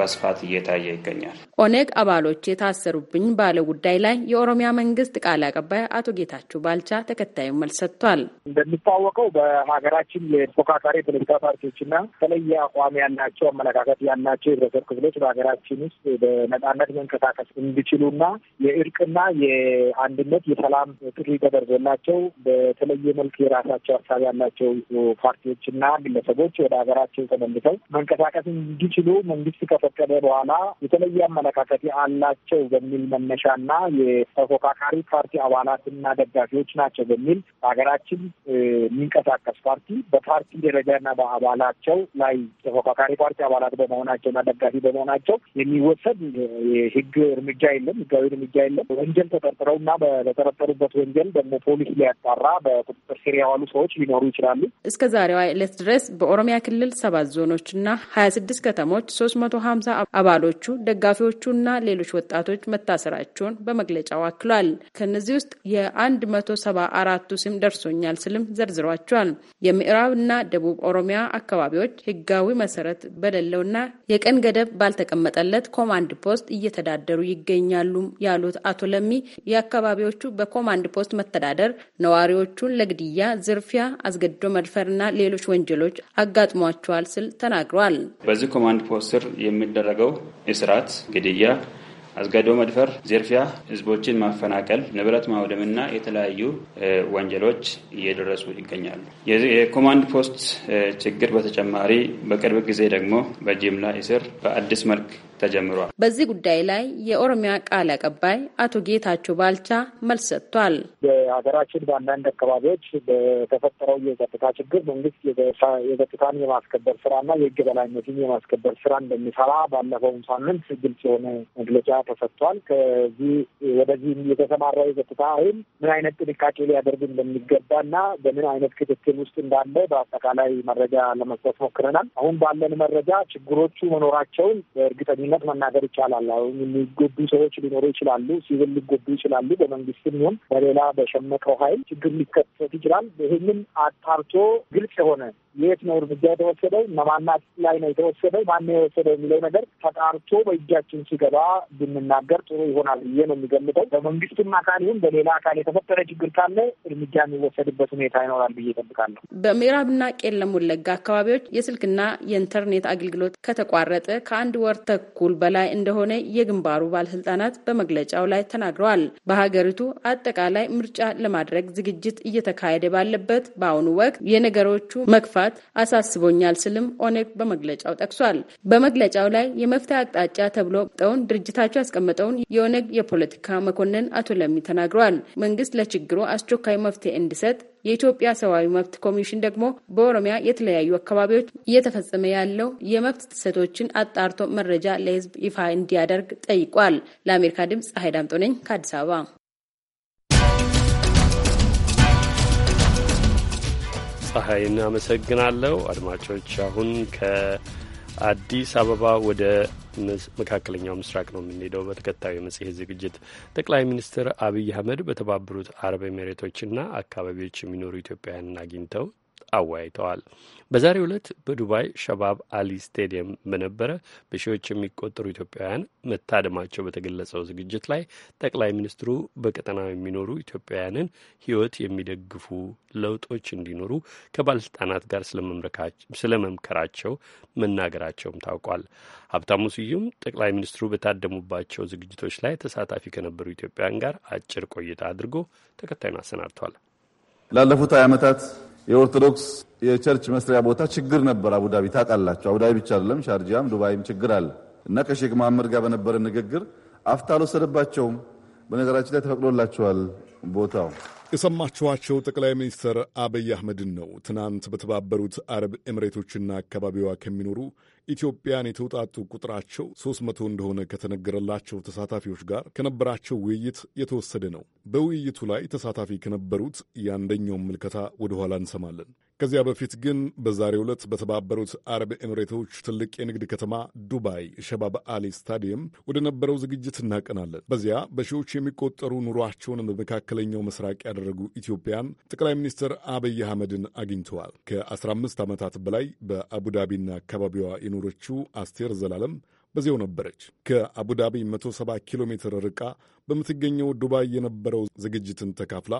በስፋት እየታየ ይገኛል። ኦነግ አባሎች የታሰሩብኝ ባለ ጉዳይ ላይ የኦሮሚያ መንግስት ቃል አቀባይ አቶ ጌታቸው ባልቻ ተከታዩ መልስ ሰጥቷል። እንደሚታወቀው በሀገራችን የተፎካካሪ ፖለቲካ ፓርቲዎችና የተለየ አቋም ያላቸው አመለካከት ያላቸው የህብረተሰብ ክፍሎች በሀገራችን ውስጥ በነጻነት መንቀሳቀስ እንዲችሉና የእርቅና የአንድነት የሰላም ጥሪ ተደርጎላቸው በተለየ መልክ የራሳቸው ሀሳብ ያላቸው ፓርቲዎችና ግለሰቦች ወደ ሀገራቸው ተመልሰው መንቀሳቀስ እንዲችሉ መንግስት ከፈ ከተፈቀደ በኋላ የተለየ አመለካከት አላቸው በሚል መነሻና የተፎካካሪ ፓርቲ አባላትና ደጋፊዎች ናቸው በሚል በሀገራችን የሚንቀሳቀስ ፓርቲ በፓርቲ ደረጃና በአባላቸው ላይ ተፎካካሪ ፓርቲ አባላት በመሆናቸውና ደጋፊ በመሆናቸው የሚወሰድ የህግ እርምጃ የለም፣ ህጋዊ እርምጃ የለም። ወንጀል ተጠርጥረውና በተጠረጠሩበት ወንጀል ደግሞ ፖሊስ ሊያጣራ በቁጥጥር ስር የዋሉ ሰዎች ሊኖሩ ይችላሉ። እስከ ዛሬዋ ዕለት ድረስ በኦሮሚያ ክልል ሰባት ዞኖችና ሀያ ስድስት ከተሞች ሶስት መቶ ሀ ሀምሳ አባሎቹ ደጋፊዎቹና ሌሎች ወጣቶች መታሰራቸውን በመግለጫው አክሏል። ከነዚህ ውስጥ የአንድ መቶ ሰባ አራቱ ስም ደርሶኛል ስልም ዘርዝሯቸዋል። የምዕራብ እና ደቡብ ኦሮሚያ አካባቢዎች ህጋዊ መሰረት በሌለውና የቀን ገደብ ባልተቀመጠለት ኮማንድ ፖስት እየተዳደሩ ይገኛሉ ያሉት አቶ ለሚ የአካባቢዎቹ በኮማንድ ፖስት መተዳደር ነዋሪዎቹን ለግድያ፣ ዝርፊያ፣ አስገድዶ መድፈርና ሌሎች ወንጀሎች አጋጥሟቸዋል ስል ተናግሯል። በዚህ ኮማንድ ፖስት ስር የሚደረገው እስራት፣ ግድያ፣ አስገድዶ መድፈር፣ ዝርፊያ፣ ህዝቦችን ማፈናቀል፣ ንብረት ማውደምና የተለያዩ ወንጀሎች እየደረሱ ይገኛሉ። የኮማንድ ፖስት ችግር በተጨማሪ በቅርብ ጊዜ ደግሞ በጅምላ እስር በአዲስ መልክ ተጀምሯል። በዚህ ጉዳይ ላይ የኦሮሚያ ቃል አቀባይ አቶ ጌታቸው ባልቻ መልስ ሰጥቷል። በሀገራችን በአንዳንድ አካባቢዎች በተፈጠረው የጸጥታ ችግር መንግስት የጸጥታን የማስከበር ስራና የህግ በላይነትን የማስከበር ስራ እንደሚሰራ ባለፈውም ሳምንት ግልጽ የሆነ መግለጫ ተሰጥቷል። ከዚህ ወደዚህ የተሰማራ የጸጥታ ኃይል ምን አይነት ጥንቃቄ ሊያደርግ እንደሚገባና በምን አይነት ክትትል ውስጥ እንዳለ በአጠቃላይ መረጃ ለመስጠት ሞክረናል። አሁን ባለን መረጃ ችግሮቹ መኖራቸውን በእርግጠኝ በእርግጠኝነት መናገር ይቻላል። አሁን የሚጎዱ ሰዎች ሊኖሩ ይችላሉ፣ ሲቪል ሊጎዱ ይችላሉ። በመንግስትም ይሁን በሌላ በሸመቀው ኃይል ችግር ሊከሰት ይችላል። ይህንን አጣርቶ ግልጽ የሆነ የት ነው እርምጃ የተወሰደው፣ እነማናት ላይ ነው የተወሰደው፣ ማነው የወሰደው የሚለው ነገር ተጣርቶ በእጃችን ሲገባ ብንናገር ጥሩ ይሆናል ብዬ ነው የሚገምተው። በመንግስትም አካል ይሁን በሌላ አካል የተፈጠረ ችግር ካለ እርምጃ የሚወሰድበት ሁኔታ ይኖራል ብዬ እጠብቃለሁ። በምዕራብና ቄለም ወለጋ አካባቢዎች የስልክና የኢንተርኔት አገልግሎት ከተቋረጠ ከአንድ ወር ተኩል በኩል በላይ እንደሆነ የግንባሩ ባለስልጣናት በመግለጫው ላይ ተናግረዋል። በሀገሪቱ አጠቃላይ ምርጫ ለማድረግ ዝግጅት እየተካሄደ ባለበት በአሁኑ ወቅት የነገሮቹ መክፋት አሳስቦኛል ስልም ኦነግ በመግለጫው ጠቅሷል። በመግለጫው ላይ የመፍትሄ አቅጣጫ ተብሎ ጠውን ድርጅታቸው ያስቀመጠውን የኦነግ የፖለቲካ መኮንን አቶ ለሚ ተናግረዋል። መንግስት ለችግሩ አስቸኳይ መፍትሄ እንዲሰጥ የኢትዮጵያ ሰብአዊ መብት ኮሚሽን ደግሞ በኦሮሚያ የተለያዩ አካባቢዎች እየተፈጸመ ያለው የመብት ጥሰቶችን አጣርቶ መረጃ ለሕዝብ ይፋ እንዲያደርግ ጠይቋል። ለአሜሪካ ድምፅ ፀሐይ ዳምጦ ነኝ ከአዲስ አበባ። ፀሐይ አመሰግናለሁ አድማጮች አሁን ከአዲስ አበባ ወደ መካከለኛው ምስራቅ ነው የምንሄደው። በተከታዩ የመጽሔት ዝግጅት ጠቅላይ ሚኒስትር አብይ አህመድ በተባበሩት አረብ ኤሚሬቶችና አካባቢዎች የሚኖሩ ኢትዮጵያውያንን አግኝተው አወያይተዋል። በዛሬው ዕለት በዱባይ ሸባብ አሊ ስቴዲየም በነበረ በሺዎች የሚቆጠሩ ኢትዮጵያውያን መታደማቸው በተገለጸው ዝግጅት ላይ ጠቅላይ ሚኒስትሩ በቀጠናው የሚኖሩ ኢትዮጵያውያንን ሕይወት የሚደግፉ ለውጦች እንዲኖሩ ከባለስልጣናት ጋር ስለመምከራቸው መናገራቸውም ታውቋል። ሀብታሙ ስዩም ጠቅላይ ሚኒስትሩ በታደሙባቸው ዝግጅቶች ላይ ተሳታፊ ከነበሩ ኢትዮጵያውያን ጋር አጭር ቆይታ አድርጎ ተከታዩን አሰናድቷል። ላለፉት ሀያ ዓመታት የኦርቶዶክስ የቸርች መስሪያ ቦታ ችግር ነበር። አቡዳቢ ታውቃላችሁ። አቡዳቢ ብቻ አይደለም ሻርጃም፣ ዱባይም ችግር አለ እና ከሼክ መሐመድ ጋር በነበረ ንግግር አፍታ አልወሰደባቸውም። በነገራችን ላይ ተፈቅዶላቸዋል ቦታው የሰማችኋቸው ጠቅላይ ሚኒስትር አብይ አህመድን ነው። ትናንት በተባበሩት አረብ ኤምሬቶችና አካባቢዋ ከሚኖሩ ኢትዮጵያን የተውጣጡ ቁጥራቸው 3 መቶ እንደሆነ ከተነገረላቸው ተሳታፊዎች ጋር ከነበራቸው ውይይት የተወሰደ ነው። በውይይቱ ላይ ተሳታፊ ከነበሩት የአንደኛውን ምልከታ ወደ ኋላ እንሰማለን። ከዚያ በፊት ግን በዛሬው ዕለት በተባበሩት አረብ ኤምሬቶች ትልቅ የንግድ ከተማ ዱባይ ሸባብ አሊ ስታዲየም ወደ ነበረው ዝግጅት እናቀናለን። በዚያ በሺዎች የሚቆጠሩ ኑሯቸውን በመካከለኛው ምስራቅ ያደረጉ ኢትዮጵያን ጠቅላይ ሚኒስትር አብይ አህመድን አግኝተዋል። ከ15 ዓመታት በላይ በአቡዳቢና አካባቢዋ የኖረችው አስቴር ዘላለም በዚያው ነበረች። ከአቡዳቢ 170 ኪሎ ሜትር ርቃ በምትገኘው ዱባይ የነበረው ዝግጅትን ተካፍላ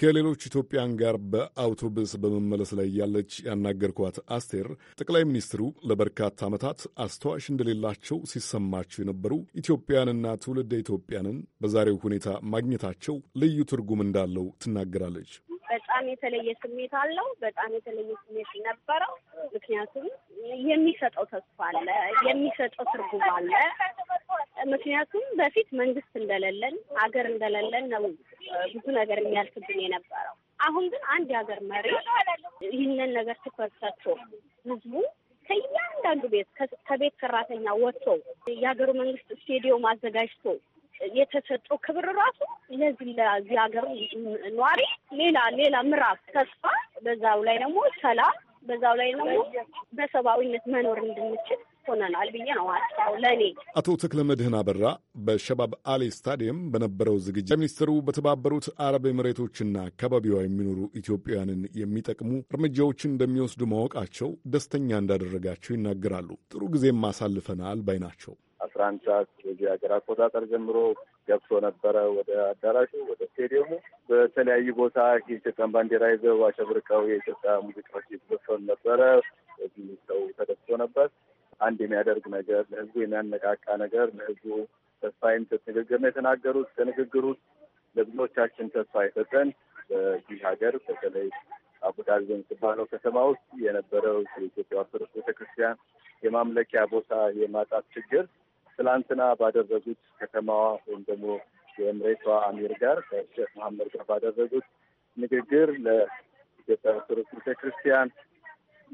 ከሌሎች ኢትዮጵያን ጋር በአውቶቡስ በመመለስ ላይ ያለች ያናገርኳት አስቴር ጠቅላይ ሚኒስትሩ ለበርካታ ዓመታት አስተዋሽ እንደሌላቸው ሲሰማቸው የነበሩ ኢትዮጵያንና ትውልደ ኢትዮጵያንን በዛሬው ሁኔታ ማግኘታቸው ልዩ ትርጉም እንዳለው ትናገራለች። በጣም የተለየ ስሜት አለው። በጣም የተለየ ስሜት ነበረው። ምክንያቱም የሚሰጠው ተስፋ አለ፣ የሚሰጠው ትርጉም አለ። ምክንያቱም በፊት መንግስት እንደሌለን ሀገር እንደሌለን ነው ብዙ ነገር የሚያልፍብን የነበረው። አሁን ግን አንድ የሀገር መሪ ይህንን ነገር ትኩረት ሰጥቶ ህዝቡ ከእያንዳንዱ ቤት ከቤት ሰራተኛ ወጥቶ የሀገሩ መንግስት ስቴዲዮም አዘጋጅቶ የተሰጠው ክብር ራሱ ለዚህ ለዚህ ሀገር ኗሪ ሌላ ሌላ ምዕራፍ ተስፋ፣ በዛው ላይ ደግሞ ሰላም፣ በዛው ላይ ደግሞ በሰብአዊነት መኖር እንድንችል ሆነናል ብዬ ነው አስታው ለእኔ። አቶ ተክለ መድህን አበራ በሸባብ አሊ ስታዲየም በነበረው ዝግጅት ሚኒስትሩ በተባበሩት አረብ ኤምሬቶችና አካባቢዋ የሚኖሩ ኢትዮጵያውያንን የሚጠቅሙ እርምጃዎችን እንደሚወስዱ ማወቃቸው ደስተኛ እንዳደረጋቸው ይናገራሉ። ጥሩ ጊዜም አሳልፈናል ባይ ናቸው። አስራ አንድ ሰዓት በዚህ ሀገር አቆጣጠር ጀምሮ ገብሶ ነበረ ወደ አዳራሹ ወደ ስቴዲየሙ። በተለያዩ ቦታ የኢትዮጵያን ባንዲራ ይዘው አሸብርቀው የኢትዮጵያ ሙዚቃዎች የተዘፈኑ ነበረ። በዚህ ሰው ተደስቶ ነበር። አንድ የሚያደርግ ነገር፣ ለህዝቡ የሚያነቃቃ ነገር፣ ለህዝቡ ተስፋ የሚሰጥ ንግግር ነው የተናገሩት። ከንግግር ውስጥ ለብዙዎቻችን ተስፋ የሰጠን በዚህ ሀገር በተለይ አቡዳቢ የምትባለው ከተማ ውስጥ የነበረው የኢትዮጵያ ኦርቶዶክስ ቤተክርስቲያን የማምለኪያ ቦታ የማጣት ችግር ትላንትና ባደረጉት ከተማዋ ወይም ደግሞ የእምሬቷ አሚር ጋር ከሼክ መሀመድ ጋር ባደረጉት ንግግር ለኢትዮጵያ ኦርቶዶክስ ቤተክርስቲያን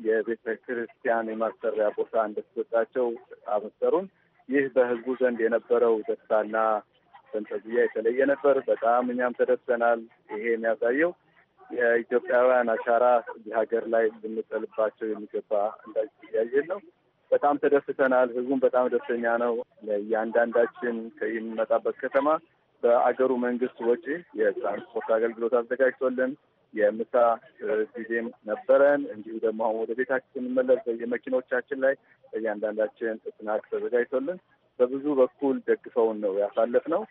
የቤተ ክርስቲያን የማሰሪያ ቦታ እንደተሰጣቸው አበሰሩን። ይህ በህዝቡ ዘንድ የነበረው ደስታና ፈንጠዝያ የተለየ ነበር። በጣም እኛም ተደስተናል። ይሄ የሚያሳየው የኢትዮጵያውያን አሻራ እዚህ ሀገር ላይ ልንጠልባቸው የሚገባ እንዳያየን ነው። በጣም ተደስተናል። ህዝቡም በጣም ደስተኛ ነው። ለእያንዳንዳችን ከሚመጣበት ከተማ በአገሩ መንግስት ወጪ የትራንስፖርት አገልግሎት አዘጋጅቶልን የምሳ ጊዜም ነበረን። እንዲሁ ደግሞ አሁን ወደ ቤታችን ስንመለስ በየመኪኖቻችን ላይ በእያንዳንዳችን ስናክስ ተዘጋጅቶልን በብዙ በኩል ደግፈውን ነው ነው።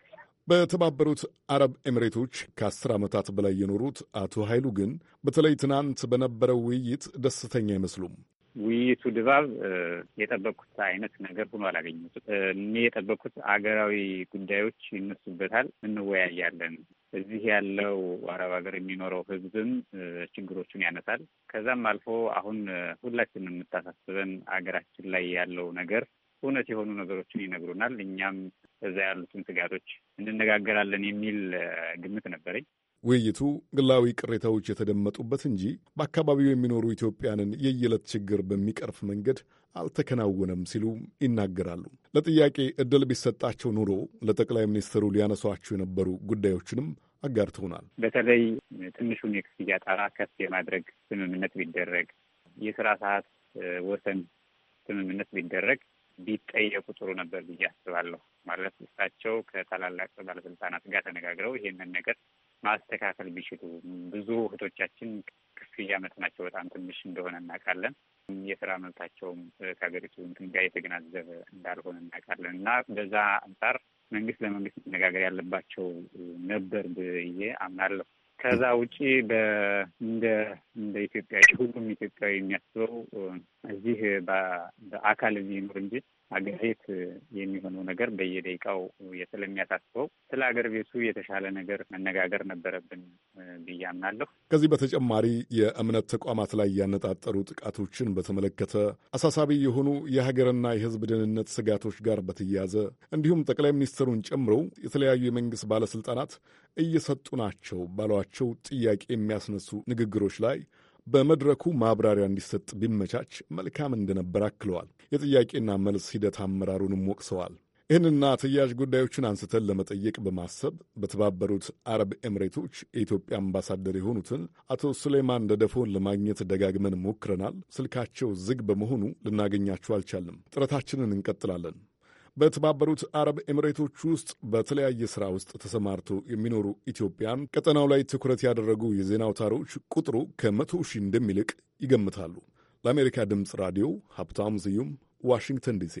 በተባበሩት አረብ ኤምሬቶች ከአስር ዓመታት በላይ የኖሩት አቶ ኃይሉ ግን በተለይ ትናንት በነበረው ውይይት ደስተኛ አይመስሉም። ውይይቱ ድባብ የጠበቅኩት አይነት ነገር ሆኖ አላገኘሁትም። እኔ የጠበቅኩት አገራዊ ጉዳዮች ይነሱበታል፣ እንወያያለን፣ እዚህ ያለው አረብ ሀገር የሚኖረው ህዝብም ችግሮቹን ያነሳል። ከዛም አልፎ አሁን ሁላችንም የምታሳስበን አገራችን ላይ ያለው ነገር እውነት የሆኑ ነገሮችን ይነግሩናል። እኛም እዛ ያሉትን ስጋቶች እንነጋገራለን የሚል ግምት ነበረኝ። ውይይቱ ግላዊ ቅሬታዎች የተደመጡበት እንጂ በአካባቢው የሚኖሩ ኢትዮጵያንን የየዕለት ችግር በሚቀርፍ መንገድ አልተከናወነም ሲሉ ይናገራሉ። ለጥያቄ ዕድል ቢሰጣቸው ኑሮ ለጠቅላይ ሚኒስትሩ ሊያነሷቸው የነበሩ ጉዳዮችንም አጋርተውናል። በተለይ ትንሹን የክፍያ ጣራ ከፍ የማድረግ ስምምነት ቢደረግ፣ የስራ ሰዓት ወሰን ስምምነት ቢደረግ ቢጠየቁ ጥሩ ነበር ብዬ አስባለሁ። ማለት እሳቸው ከታላላቅ ባለስልጣናት ጋር ተነጋግረው ይሄንን ነገር ማስተካከል ቢችሉ ብዙ እህቶቻችን ክፍያ መጠናቸው በጣም ትንሽ እንደሆነ እናውቃለን። የስራ መብታቸውም ከሀገሪቱ እንትን ጋር የተገናዘበ እንዳልሆነ እናውቃለን እና በዛ አንጻር መንግስት ለመንግስት መነጋገር ያለባቸው ነበር ብዬ አምናለሁ። ከዛ ውጪ እንደ እንደ ሁሉም ኢትዮጵያዊ የሚያስበው እዚህ በአካል እዚህ ይኖር እንጂ አገሬት ቤት የሚሆነው ነገር በየደቂቃው ስለሚያሳስበው ስለ አገር ቤቱ የተሻለ ነገር መነጋገር ነበረብን ብዬ አምናለሁ። ከዚህ በተጨማሪ የእምነት ተቋማት ላይ ያነጣጠሩ ጥቃቶችን በተመለከተ አሳሳቢ የሆኑ የሀገርና የሕዝብ ደህንነት ስጋቶች ጋር በተያያዘ እንዲሁም ጠቅላይ ሚኒስትሩን ጨምሮ የተለያዩ የመንግስት ባለስልጣናት እየሰጡ ናቸው ባሏቸው ጥያቄ የሚያስነሱ ንግግሮች ላይ በመድረኩ ማብራሪያ እንዲሰጥ ቢመቻች መልካም እንደነበር አክለዋል። የጥያቄና መልስ ሂደት አመራሩንም ወቅሰዋል። ይህንና ተያያዥ ጉዳዮችን አንስተን ለመጠየቅ በማሰብ በተባበሩት አረብ ኤምሬቶች የኢትዮጵያ አምባሳደር የሆኑትን አቶ ሱሌማን ደደፎን ለማግኘት ደጋግመን ሞክረናል። ስልካቸው ዝግ በመሆኑ ልናገኛቸው አልቻልንም። ጥረታችንን እንቀጥላለን። በተባበሩት አረብ ኤምሬቶች ውስጥ በተለያየ ሥራ ውስጥ ተሰማርቶ የሚኖሩ ኢትዮጵያን ቀጠናው ላይ ትኩረት ያደረጉ የዜና አውታሮች ቁጥሩ ከመቶ ሺህ እንደሚልቅ ይገምታሉ። ለአሜሪካ ድምፅ ራዲዮ ሀብታም ስዩም ዋሽንግተን ዲሲ።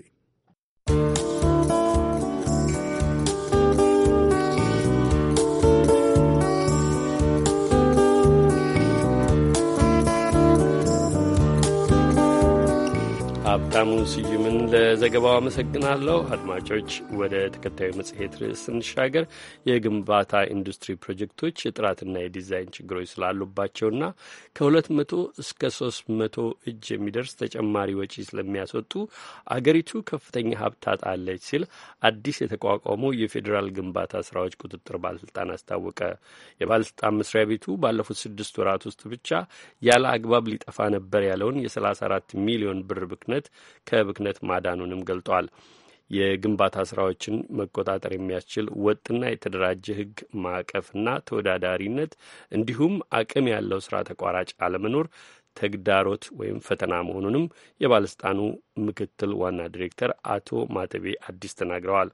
ሀብታሙ ስዩምን ለዘገባው አመሰግናለሁ። አድማጮች፣ ወደ ተከታዩ መጽሔት ርዕስ ስንሻገር የግንባታ ኢንዱስትሪ ፕሮጀክቶች የጥራትና የዲዛይን ችግሮች ስላሉባቸውና ከሁለት መቶ እስከ ሶስት መቶ እጅ የሚደርስ ተጨማሪ ወጪ ስለሚያስወጡ አገሪቱ ከፍተኛ ሀብት ታጣለች ሲል አዲስ የተቋቋመው የፌዴራል ግንባታ ስራዎች ቁጥጥር ባለስልጣን አስታወቀ። የባለስልጣን መስሪያ ቤቱ ባለፉት ስድስት ወራት ውስጥ ብቻ ያለ አግባብ ሊጠፋ ነበር ያለውን የ34 ሚሊዮን ብር ብክነት ከብክነት ማዳኑንም ገልጧል። የግንባታ ስራዎችን መቆጣጠር የሚያስችል ወጥና የተደራጀ ህግ ማዕቀፍና ተወዳዳሪነት እንዲሁም አቅም ያለው ስራ ተቋራጭ አለመኖር ተግዳሮት ወይም ፈተና መሆኑንም የባለስልጣኑ ምክትል ዋና ዲሬክተር አቶ ማተቤ አዲስ ተናግረዋል።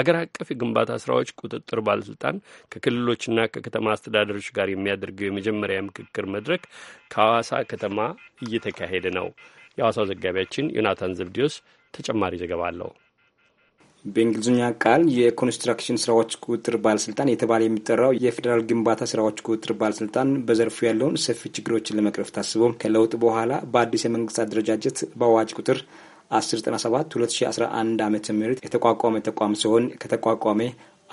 አገር አቀፍ የግንባታ ስራዎች ቁጥጥር ባለስልጣን ከክልሎችና ከከተማ አስተዳደሮች ጋር የሚያደርገው የመጀመሪያ ምክክር መድረክ ከሐዋሳ ከተማ እየተካሄደ ነው። የሐዋሳው ዘጋቢያችን ዮናታን ዘብዲዮስ ተጨማሪ ዘገባ አለው። በእንግሊዝኛ ቃል የኮንስትራክሽን ስራዎች ቁጥጥር ባለስልጣን የተባለ የሚጠራው የፌዴራል ግንባታ ስራዎች ቁጥጥር ባለስልጣን በዘርፉ ያለውን ሰፊ ችግሮችን ለመቅረፍ ታስቦ ከለውጥ በኋላ በአዲስ የመንግስት አደረጃጀት በአዋጅ ቁጥር 1097 2011 ዓ ም የተቋቋመ ተቋም ሲሆን ከተቋቋመ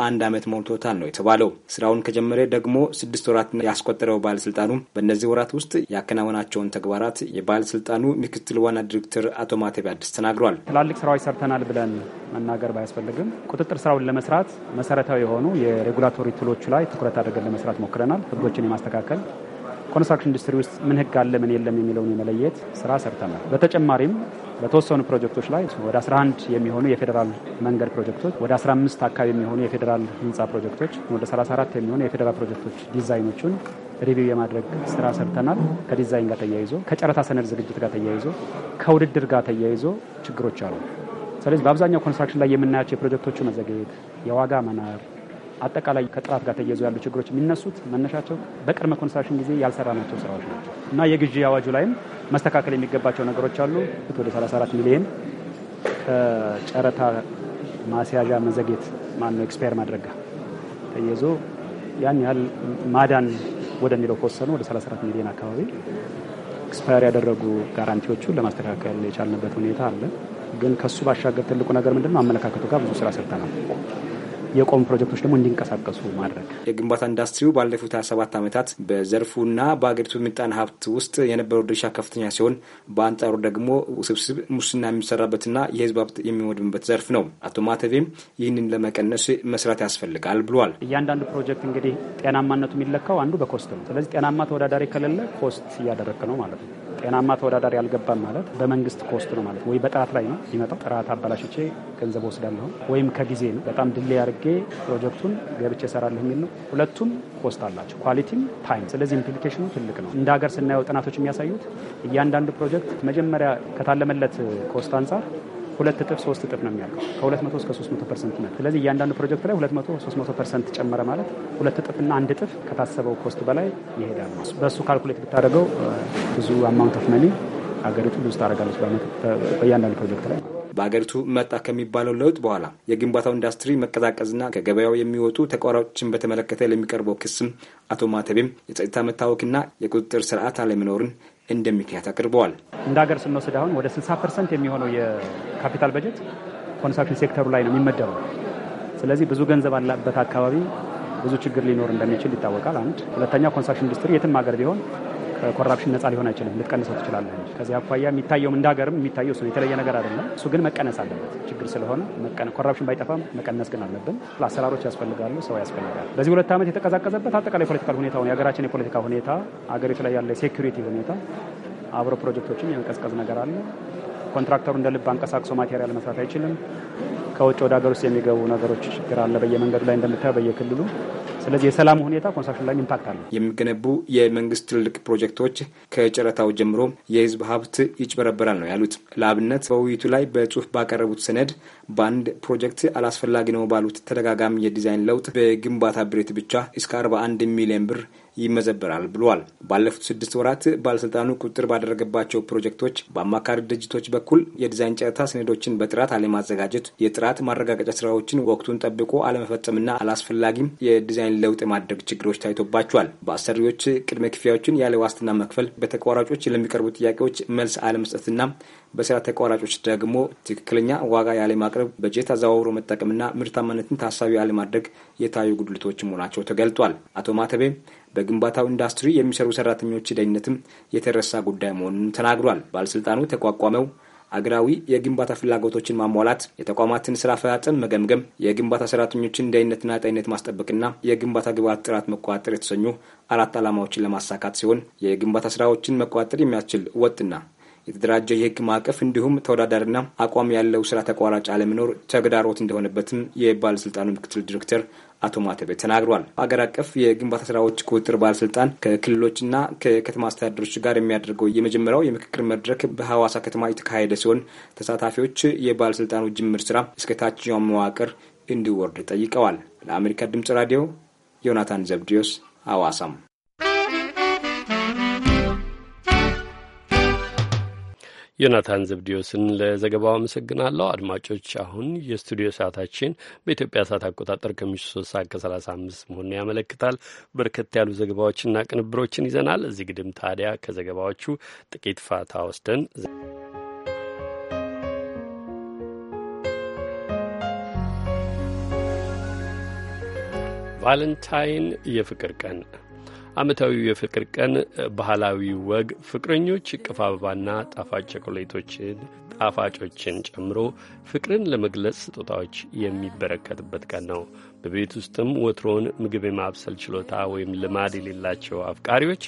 አንድ ዓመት ሞልቶታል ነው የተባለው። ስራውን ከጀመረ ደግሞ ስድስት ወራት ያስቆጠረው ባለስልጣኑ በእነዚህ ወራት ውስጥ ያከናወናቸውን ተግባራት የባለስልጣኑ ምክትል ዋና ዲሬክተር አቶ ማቴቢ አዲስ ተናግሯል። ትላልቅ ስራዎች ሰርተናል ብለን መናገር ባያስፈልግም ቁጥጥር ስራውን ለመስራት መሰረታዊ የሆኑ የሬጉላቶሪ ትሎቹ ላይ ትኩረት አድርገን ለመስራት ሞክረናል። ህጎችን የማስተካከል ኮንስትራክሽን ኢንዱስትሪ ውስጥ ምን ህግ አለ ምን የለም የሚለውን የመለየት ስራ ሰርተናል። በተጨማሪም በተወሰኑ ፕሮጀክቶች ላይ ወደ 11 የሚሆኑ የፌዴራል መንገድ ፕሮጀክቶች፣ ወደ 15 አካባቢ የሚሆኑ የፌዴራል ህንፃ ፕሮጀክቶች፣ ወደ 34 የሚሆኑ የፌዴራል ፕሮጀክቶች ዲዛይኖቹን ሪቪው የማድረግ ስራ ሰርተናል። ከዲዛይን ጋር ተያይዞ፣ ከጨረታ ሰነድ ዝግጅት ጋር ተያይዞ፣ ከውድድር ጋር ተያይዞ ችግሮች አሉ። ስለዚህ በአብዛኛው ኮንስትራክሽን ላይ የምናያቸው የፕሮጀክቶቹ መዘግየት፣ የዋጋ መናር አጠቃላይ ከጥራት ጋር ተያይዞ ያሉ ችግሮች የሚነሱት መነሻቸው በቅድመ ኮንስትራክሽን ጊዜ ያልሰራናቸው ስራዎች ናቸው እና የግዢ አዋጁ ላይም መስተካከል የሚገባቸው ነገሮች አሉ። ወደ 34 ሚሊየን ከጨረታ ማስያዣ መዘግየት ማነው ኤክስፓየር ማድረግ ጋር ተያይዞ ያን ያህል ማዳን ወደሚለው ከወሰኑ ወደ 34 ሚሊዮን አካባቢ ኤክስፓየር ያደረጉ ጋራንቲዎቹን ለማስተካከል የቻልንበት ሁኔታ አለ። ግን ከሱ ባሻገር ትልቁ ነገር ምንድነው? አመለካከቱ ጋር ብዙ ስራ ሰርተናል። የቆሙ ፕሮጀክቶች ደግሞ እንዲንቀሳቀሱ ማድረግ። የግንባታ ኢንዱስትሪው ባለፉት 27 ዓመታት በዘርፉና በአገሪቱ ምጣኔ ሀብት ውስጥ የነበረው ድርሻ ከፍተኛ ሲሆን፣ በአንጻሩ ደግሞ ውስብስብ ሙስና የሚሰራበትና የህዝብ ሀብት የሚወድምበት ዘርፍ ነው። አቶ ማተቤም ይህንን ለመቀነስ መስራት ያስፈልጋል ብሏል። እያንዳንዱ ፕሮጀክት እንግዲህ ጤናማነቱ የሚለካው አንዱ በኮስት ነው። ስለዚህ ጤናማ ተወዳዳሪ ከሌለ ኮስት እያደረክ ነው ማለት ነው። ጤናማ ተወዳዳሪ አልገባም ማለት በመንግስት ኮስት ነው ማለት ወይ በጥራት ላይ ነው የሚመጣው። ጥራት አበላሽቼ ገንዘብ ወስዳለሁ ወይም ከጊዜ ነው በጣም ድሌ አድርጌ ፕሮጀክቱን ገብቼ እሰራለሁ የሚል ነው። ሁለቱም ኮስት አላቸው፣ ኳሊቲም ታይም። ስለዚህ ኢምፕሊኬሽኑ ትልቅ ነው። እንደ ሀገር ስናየው ጥናቶች የሚያሳዩት እያንዳንዱ ፕሮጀክት መጀመሪያ ከታለመለት ኮስት አንጻር ሁለት እጥፍ ሶስት እጥፍ ነው የሚያልቀው ከሁለት መቶ እስከ ሶስት መቶ ፐርሰንት ነው። ስለዚህ እያንዳንዱ ፕሮጀክት ላይ ሁለት መቶ ሶስት መቶ ፐርሰንት ጨመረ ማለት ሁለት እጥፍና አንድ እጥፍ ከታሰበው ኮስት በላይ ይሄዳል። በእሱ ካልኩሌት ብታደርገው ብዙ አማውንት ኦፍ መኒ ሀገሪቱ ብዙ ታደርጋለች በእያንዳንዱ ፕሮጀክት ላይ በሀገሪቱ መጣ ከሚባለው ለውጥ በኋላ የግንባታው ኢንዱስትሪ መቀዛቀዝና ከገበያው የሚወጡ ተቋራጮችን በተመለከተ ለሚቀርበው ክስም አቶ ማተቤም የጸጥታ መታወክና የቁጥጥር ስርዓት አለመኖርን እንደ ምክንያት አቅርበዋል። እንደ ሀገር ስንወስድ አሁን ወደ 60 ፐርሰንት የሚሆነው የካፒታል በጀት ኮንስትራክሽን ሴክተሩ ላይ ነው የሚመደበው። ስለዚህ ብዙ ገንዘብ አለበት አካባቢ ብዙ ችግር ሊኖር እንደሚችል ይታወቃል። አንድ ሁለተኛው ኮንስትራክሽን ኢንዱስትሪ የትም ሀገር ቢሆን ከኮራፕሽን ነጻ ሊሆን አይችልም፣ ልትቀንሰው ትችላለህ ከዚህ አኳያ የሚታየውም እንደ ሀገርም የሚታየው እሱ የተለየ ነገር አይደለም። እሱ ግን መቀነስ አለበት ችግር ስለሆነ ኮራፕሽን ባይጠፋም መቀነስ ግን አለብን። አሰራሮች ያስፈልጋሉ፣ ሰው ያስፈልጋል። በዚህ ሁለት ዓመት የተቀዛቀዘበት አጠቃላይ ፖለቲካል ሁኔታ የሀገራችን የፖለቲካ ሁኔታ አገሪቱ ላይ ያለ ሴኩሪቲ ሁኔታ አብሮ ፕሮጀክቶችን የመቀዝቀዝ ነገር አለ። ኮንትራክተሩ እንደ ልብ አንቀሳቅሶ ማቴሪያል መስራት አይችልም። ከውጭ ወደ ሀገር ውስጥ የሚገቡ ነገሮች ችግር አለ። በየመንገዱ ላይ እንደምታየው በየክልሉ ስለዚህ የሰላም ሁኔታ ኮንስትራክሽን ላይ ኢምፓክት አለ። የሚገነቡ የመንግስት ትልልቅ ፕሮጀክቶች ከጨረታው ጀምሮ የህዝብ ሀብት ይጭበረበራል ነው ያሉት። ለአብነት በውይይቱ ላይ በጽሁፍ ባቀረቡት ሰነድ በአንድ ፕሮጀክት አላስፈላጊ ነው ባሉት ተደጋጋሚ የዲዛይን ለውጥ በግንባታ ብሬት ብቻ እስከ 41 ሚሊዮን ብር ይመዘበራል ብሏል። ባለፉት ስድስት ወራት ባለስልጣኑ ቁጥጥር ባደረገባቸው ፕሮጀክቶች በአማካሪ ድርጅቶች በኩል የዲዛይን ጨረታ ሰነዶችን በጥራት አለማዘጋጀት፣ የጥራት ማረጋገጫ ስራዎችን ወቅቱን ጠብቆ አለመፈጸምና አላስፈላጊም የዲዛይን ለውጥ የማድረግ ችግሮች ታይቶባቸዋል። በአሰሪዎች ቅድመ ክፍያዎችን ያለ ዋስትና መክፈል፣ በተቋራጮች ለሚቀርቡ ጥያቄዎች መልስ አለመስጠትና በስራ ተቋራጮች ደግሞ ትክክለኛ ዋጋ ያለማቅረብ፣ በጀት አዘዋውሮ መጠቀምና ምርታማነትን ታሳቢ አለማድረግ የታዩ ጉድለቶች መሆናቸው ተገልጧል። አቶ ማተቤ በግንባታው ኢንዱስትሪ የሚሰሩ ሰራተኞች ደህንነትም የተረሳ ጉዳይ መሆኑን ተናግሯል። ባለስልጣኑ ተቋቋመው አገራዊ የግንባታ ፍላጎቶችን ማሟላት፣ የተቋማትን ስራ አፈጻጸም መገምገም፣ የግንባታ ሰራተኞችን ደህንነትና ጤንነት ማስጠበቅና የግንባታ ግብዓት ጥራት መቆጣጠር የተሰኙ አራት ዓላማዎችን ለማሳካት ሲሆን የግንባታ ስራዎችን መቆጣጠር የሚያስችል ወጥና የተደራጀ የህግ ማዕቀፍ እንዲሁም ተወዳዳሪና አቋም ያለው ስራ ተቋራጭ አለመኖር ተግዳሮት እንደሆነበትም የባለስልጣኑ ምክትል ዲሬክተር አቶ ማተቤ ተናግሯል። ሀገር አቀፍ የግንባታ ስራዎች ቁጥጥር ባለስልጣን ከክልሎችና ከከተማ አስተዳደሮች ጋር የሚያደርገው የመጀመሪያው የምክክር መድረክ በሐዋሳ ከተማ የተካሄደ ሲሆን ተሳታፊዎች የባለስልጣኑ ጅምር ስራ እስከ ታችኛው መዋቅር እንዲወርድ ጠይቀዋል። ለአሜሪካ ድምጽ ራዲዮ ዮናታን ዘብዲዮስ አዋሳም። ዮናታን ዘብዲዮስን ለዘገባው አመሰግናለሁ። አድማጮች አሁን የስቱዲዮ ሰዓታችን በኢትዮጵያ ሰዓት አቆጣጠር ከምሽቱ ሶስት ሰዓት ከሰላሳ አምስት መሆኑን ያመለክታል። በርከት ያሉ ዘገባዎችና ቅንብሮችን ይዘናል። እዚህ ግድም ታዲያ ከዘገባዎቹ ጥቂት ፋታ ወስደን ቫለንታይን የፍቅር ቀን ዓመታዊው የፍቅር ቀን ባህላዊ ወግ ፍቅረኞች እቅፍ አበባና ጣፋጭ ቸኮሌቶችን ጣፋጮችን ጨምሮ ፍቅርን ለመግለጽ ስጦታዎች የሚበረከትበት ቀን ነው። በቤት ውስጥም ወትሮውን ምግብ የማብሰል ችሎታ ወይም ልማድ የሌላቸው አፍቃሪዎች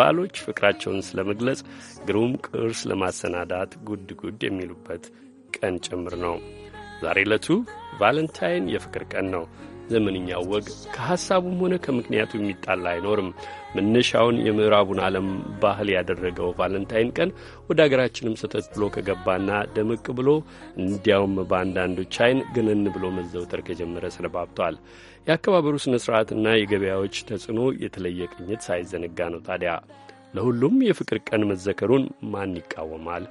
ባሎች ፍቅራቸውን ስለመግለጽ ግሩም ቅርስ ለማሰናዳት ጉድ ጉድ የሚሉበት ቀን ጭምር ነው። ዛሬ ዕለቱ ቫለንታይን የፍቅር ቀን ነው። ዘመንኛው ወግ ከሐሳቡም ሆነ ከምክንያቱ የሚጣላ አይኖርም። መነሻውን የምዕራቡን ዓለም ባህል ያደረገው ቫለንታይን ቀን ወደ አገራችንም ሰተት ብሎ ከገባና ደመቅ ብሎ እንዲያውም በአንዳንዶች አይን ገነን ብሎ መዘውተር ከጀመረ ሰነባብቷል። የአከባበሩ ሥነ ሥርዓትና የገበያዎች ተጽዕኖ የተለየ ቅኝት ሳይዘነጋ ነው። ታዲያ ለሁሉም የፍቅር ቀን መዘከሩን ማን ይቃወማል?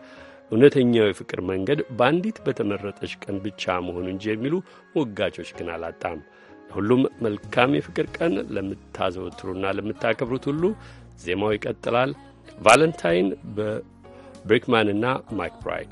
እውነተኛው የፍቅር መንገድ በአንዲት በተመረጠች ቀን ብቻ መሆኑ እንጂ የሚሉ ሞጋቾች ግን አላጣም። ሁሉም መልካም የፍቅር ቀን ለምታዘወትሩና ለምታከብሩት ሁሉ ዜማው ይቀጥላል። ቫለንታይን በብሪክማንና ማክ ብራይድ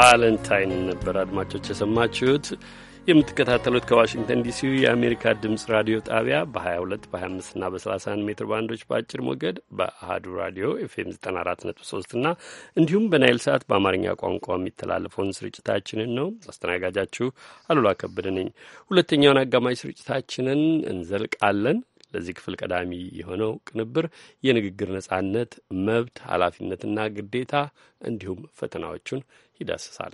ቫለንታይን ነበር አድማጮች የሰማችሁት። የምትከታተሉት ከዋሽንግተን ዲሲ የአሜሪካ ድምፅ ራዲዮ ጣቢያ በ22 በ25 እና በ31 ሜትር ባንዶች በአጭር ሞገድ በአህዱ ራዲዮ ኤፍኤም 94.3 እና እንዲሁም በናይል ሰዓት በአማርኛ ቋንቋ የሚተላለፈውን ስርጭታችንን ነው። አስተናጋጃችሁ አሉላ ከበደ ነኝ። ሁለተኛውን አጋማሽ ስርጭታችንን እንዘልቃለን። ለዚህ ክፍል ቀዳሚ የሆነው ቅንብር የንግግር ነጻነት መብት፣ ኃላፊነትና ግዴታ እንዲሁም ፈተናዎቹን ይዳስሳል።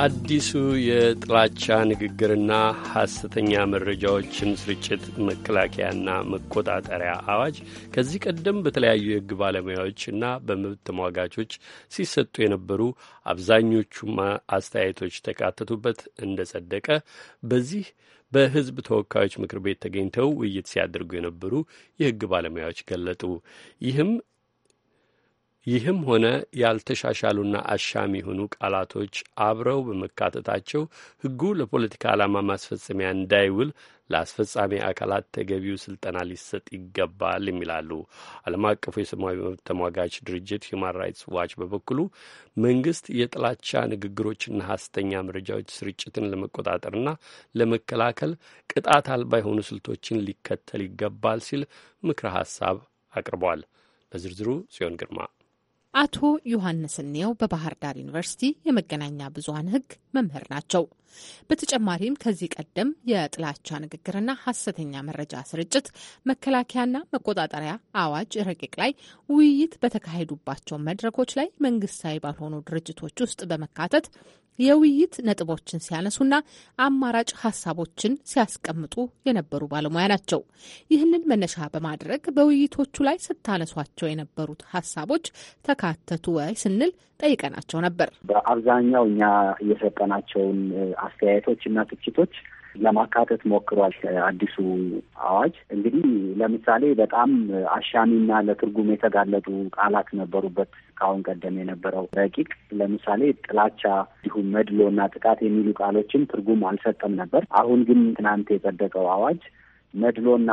አዲሱ የጥላቻ ንግግርና ሐሰተኛ መረጃዎችን ስርጭት መከላከያና መቆጣጠሪያ አዋጅ ከዚህ ቀደም በተለያዩ የሕግ ባለሙያዎችና በመብት ተሟጋቾች ሲሰጡ የነበሩ አብዛኞቹም አስተያየቶች ተካተቱበት እንደጸደቀ በዚህ በሕዝብ ተወካዮች ምክር ቤት ተገኝተው ውይይት ሲያደርጉ የነበሩ የሕግ ባለሙያዎች ገለጡ። ይህም ይህም ሆነ ያልተሻሻሉና አሻሚ የሆኑ ቃላቶች አብረው በመካተታቸው ሕጉ ለፖለቲካ ዓላማ ማስፈጸሚያ እንዳይውል ለአስፈጻሚ አካላት ተገቢው ስልጠና ሊሰጥ ይገባል የሚላሉ። ዓለም አቀፉ የሰብአዊ መብት ተሟጋች ድርጅት ሂማን ራይትስ ዋች በበኩሉ መንግስት የጥላቻ ንግግሮችና ሐሰተኛ መረጃዎች ስርጭትን ለመቆጣጠርና ለመከላከል ቅጣት አልባ የሆኑ ስልቶችን ሊከተል ይገባል ሲል ምክረ ሀሳብ አቅርቧል። ለዝርዝሩ ጽዮን ግርማ አቶ ዮሐንስ ኔው በባህር ዳር ዩኒቨርሲቲ የመገናኛ ብዙሀን ህግ መምህር ናቸው። በተጨማሪም ከዚህ ቀደም የጥላቻ ንግግርና ሀሰተኛ መረጃ ስርጭት መከላከያና መቆጣጠሪያ አዋጅ ረቂቅ ላይ ውይይት በተካሄዱባቸው መድረኮች ላይ መንግስታዊ ባልሆኑ ድርጅቶች ውስጥ በመካተት የውይይት ነጥቦችን ሲያነሱና አማራጭ ሀሳቦችን ሲያስቀምጡ የነበሩ ባለሙያ ናቸው። ይህንን መነሻ በማድረግ በውይይቶቹ ላይ ስታነሷቸው የነበሩት ሀሳቦች ተካተቱ ወይ ስንል ጠይቀናቸው ነበር። በአብዛኛው እኛ እየሰጠናቸውን አስተያየቶች እና ትችቶች ለማካተት ሞክሯል። አዲሱ አዋጅ እንግዲህ ለምሳሌ በጣም አሻሚና ለትርጉም የተጋለጡ ቃላት ነበሩበት ከአሁን ቀደም የነበረው ረቂቅ። ለምሳሌ ጥላቻ፣ እንዲሁም መድሎና ጥቃት የሚሉ ቃሎችን ትርጉም አልሰጠም ነበር። አሁን ግን ትናንት የጸደቀው አዋጅ መድሎና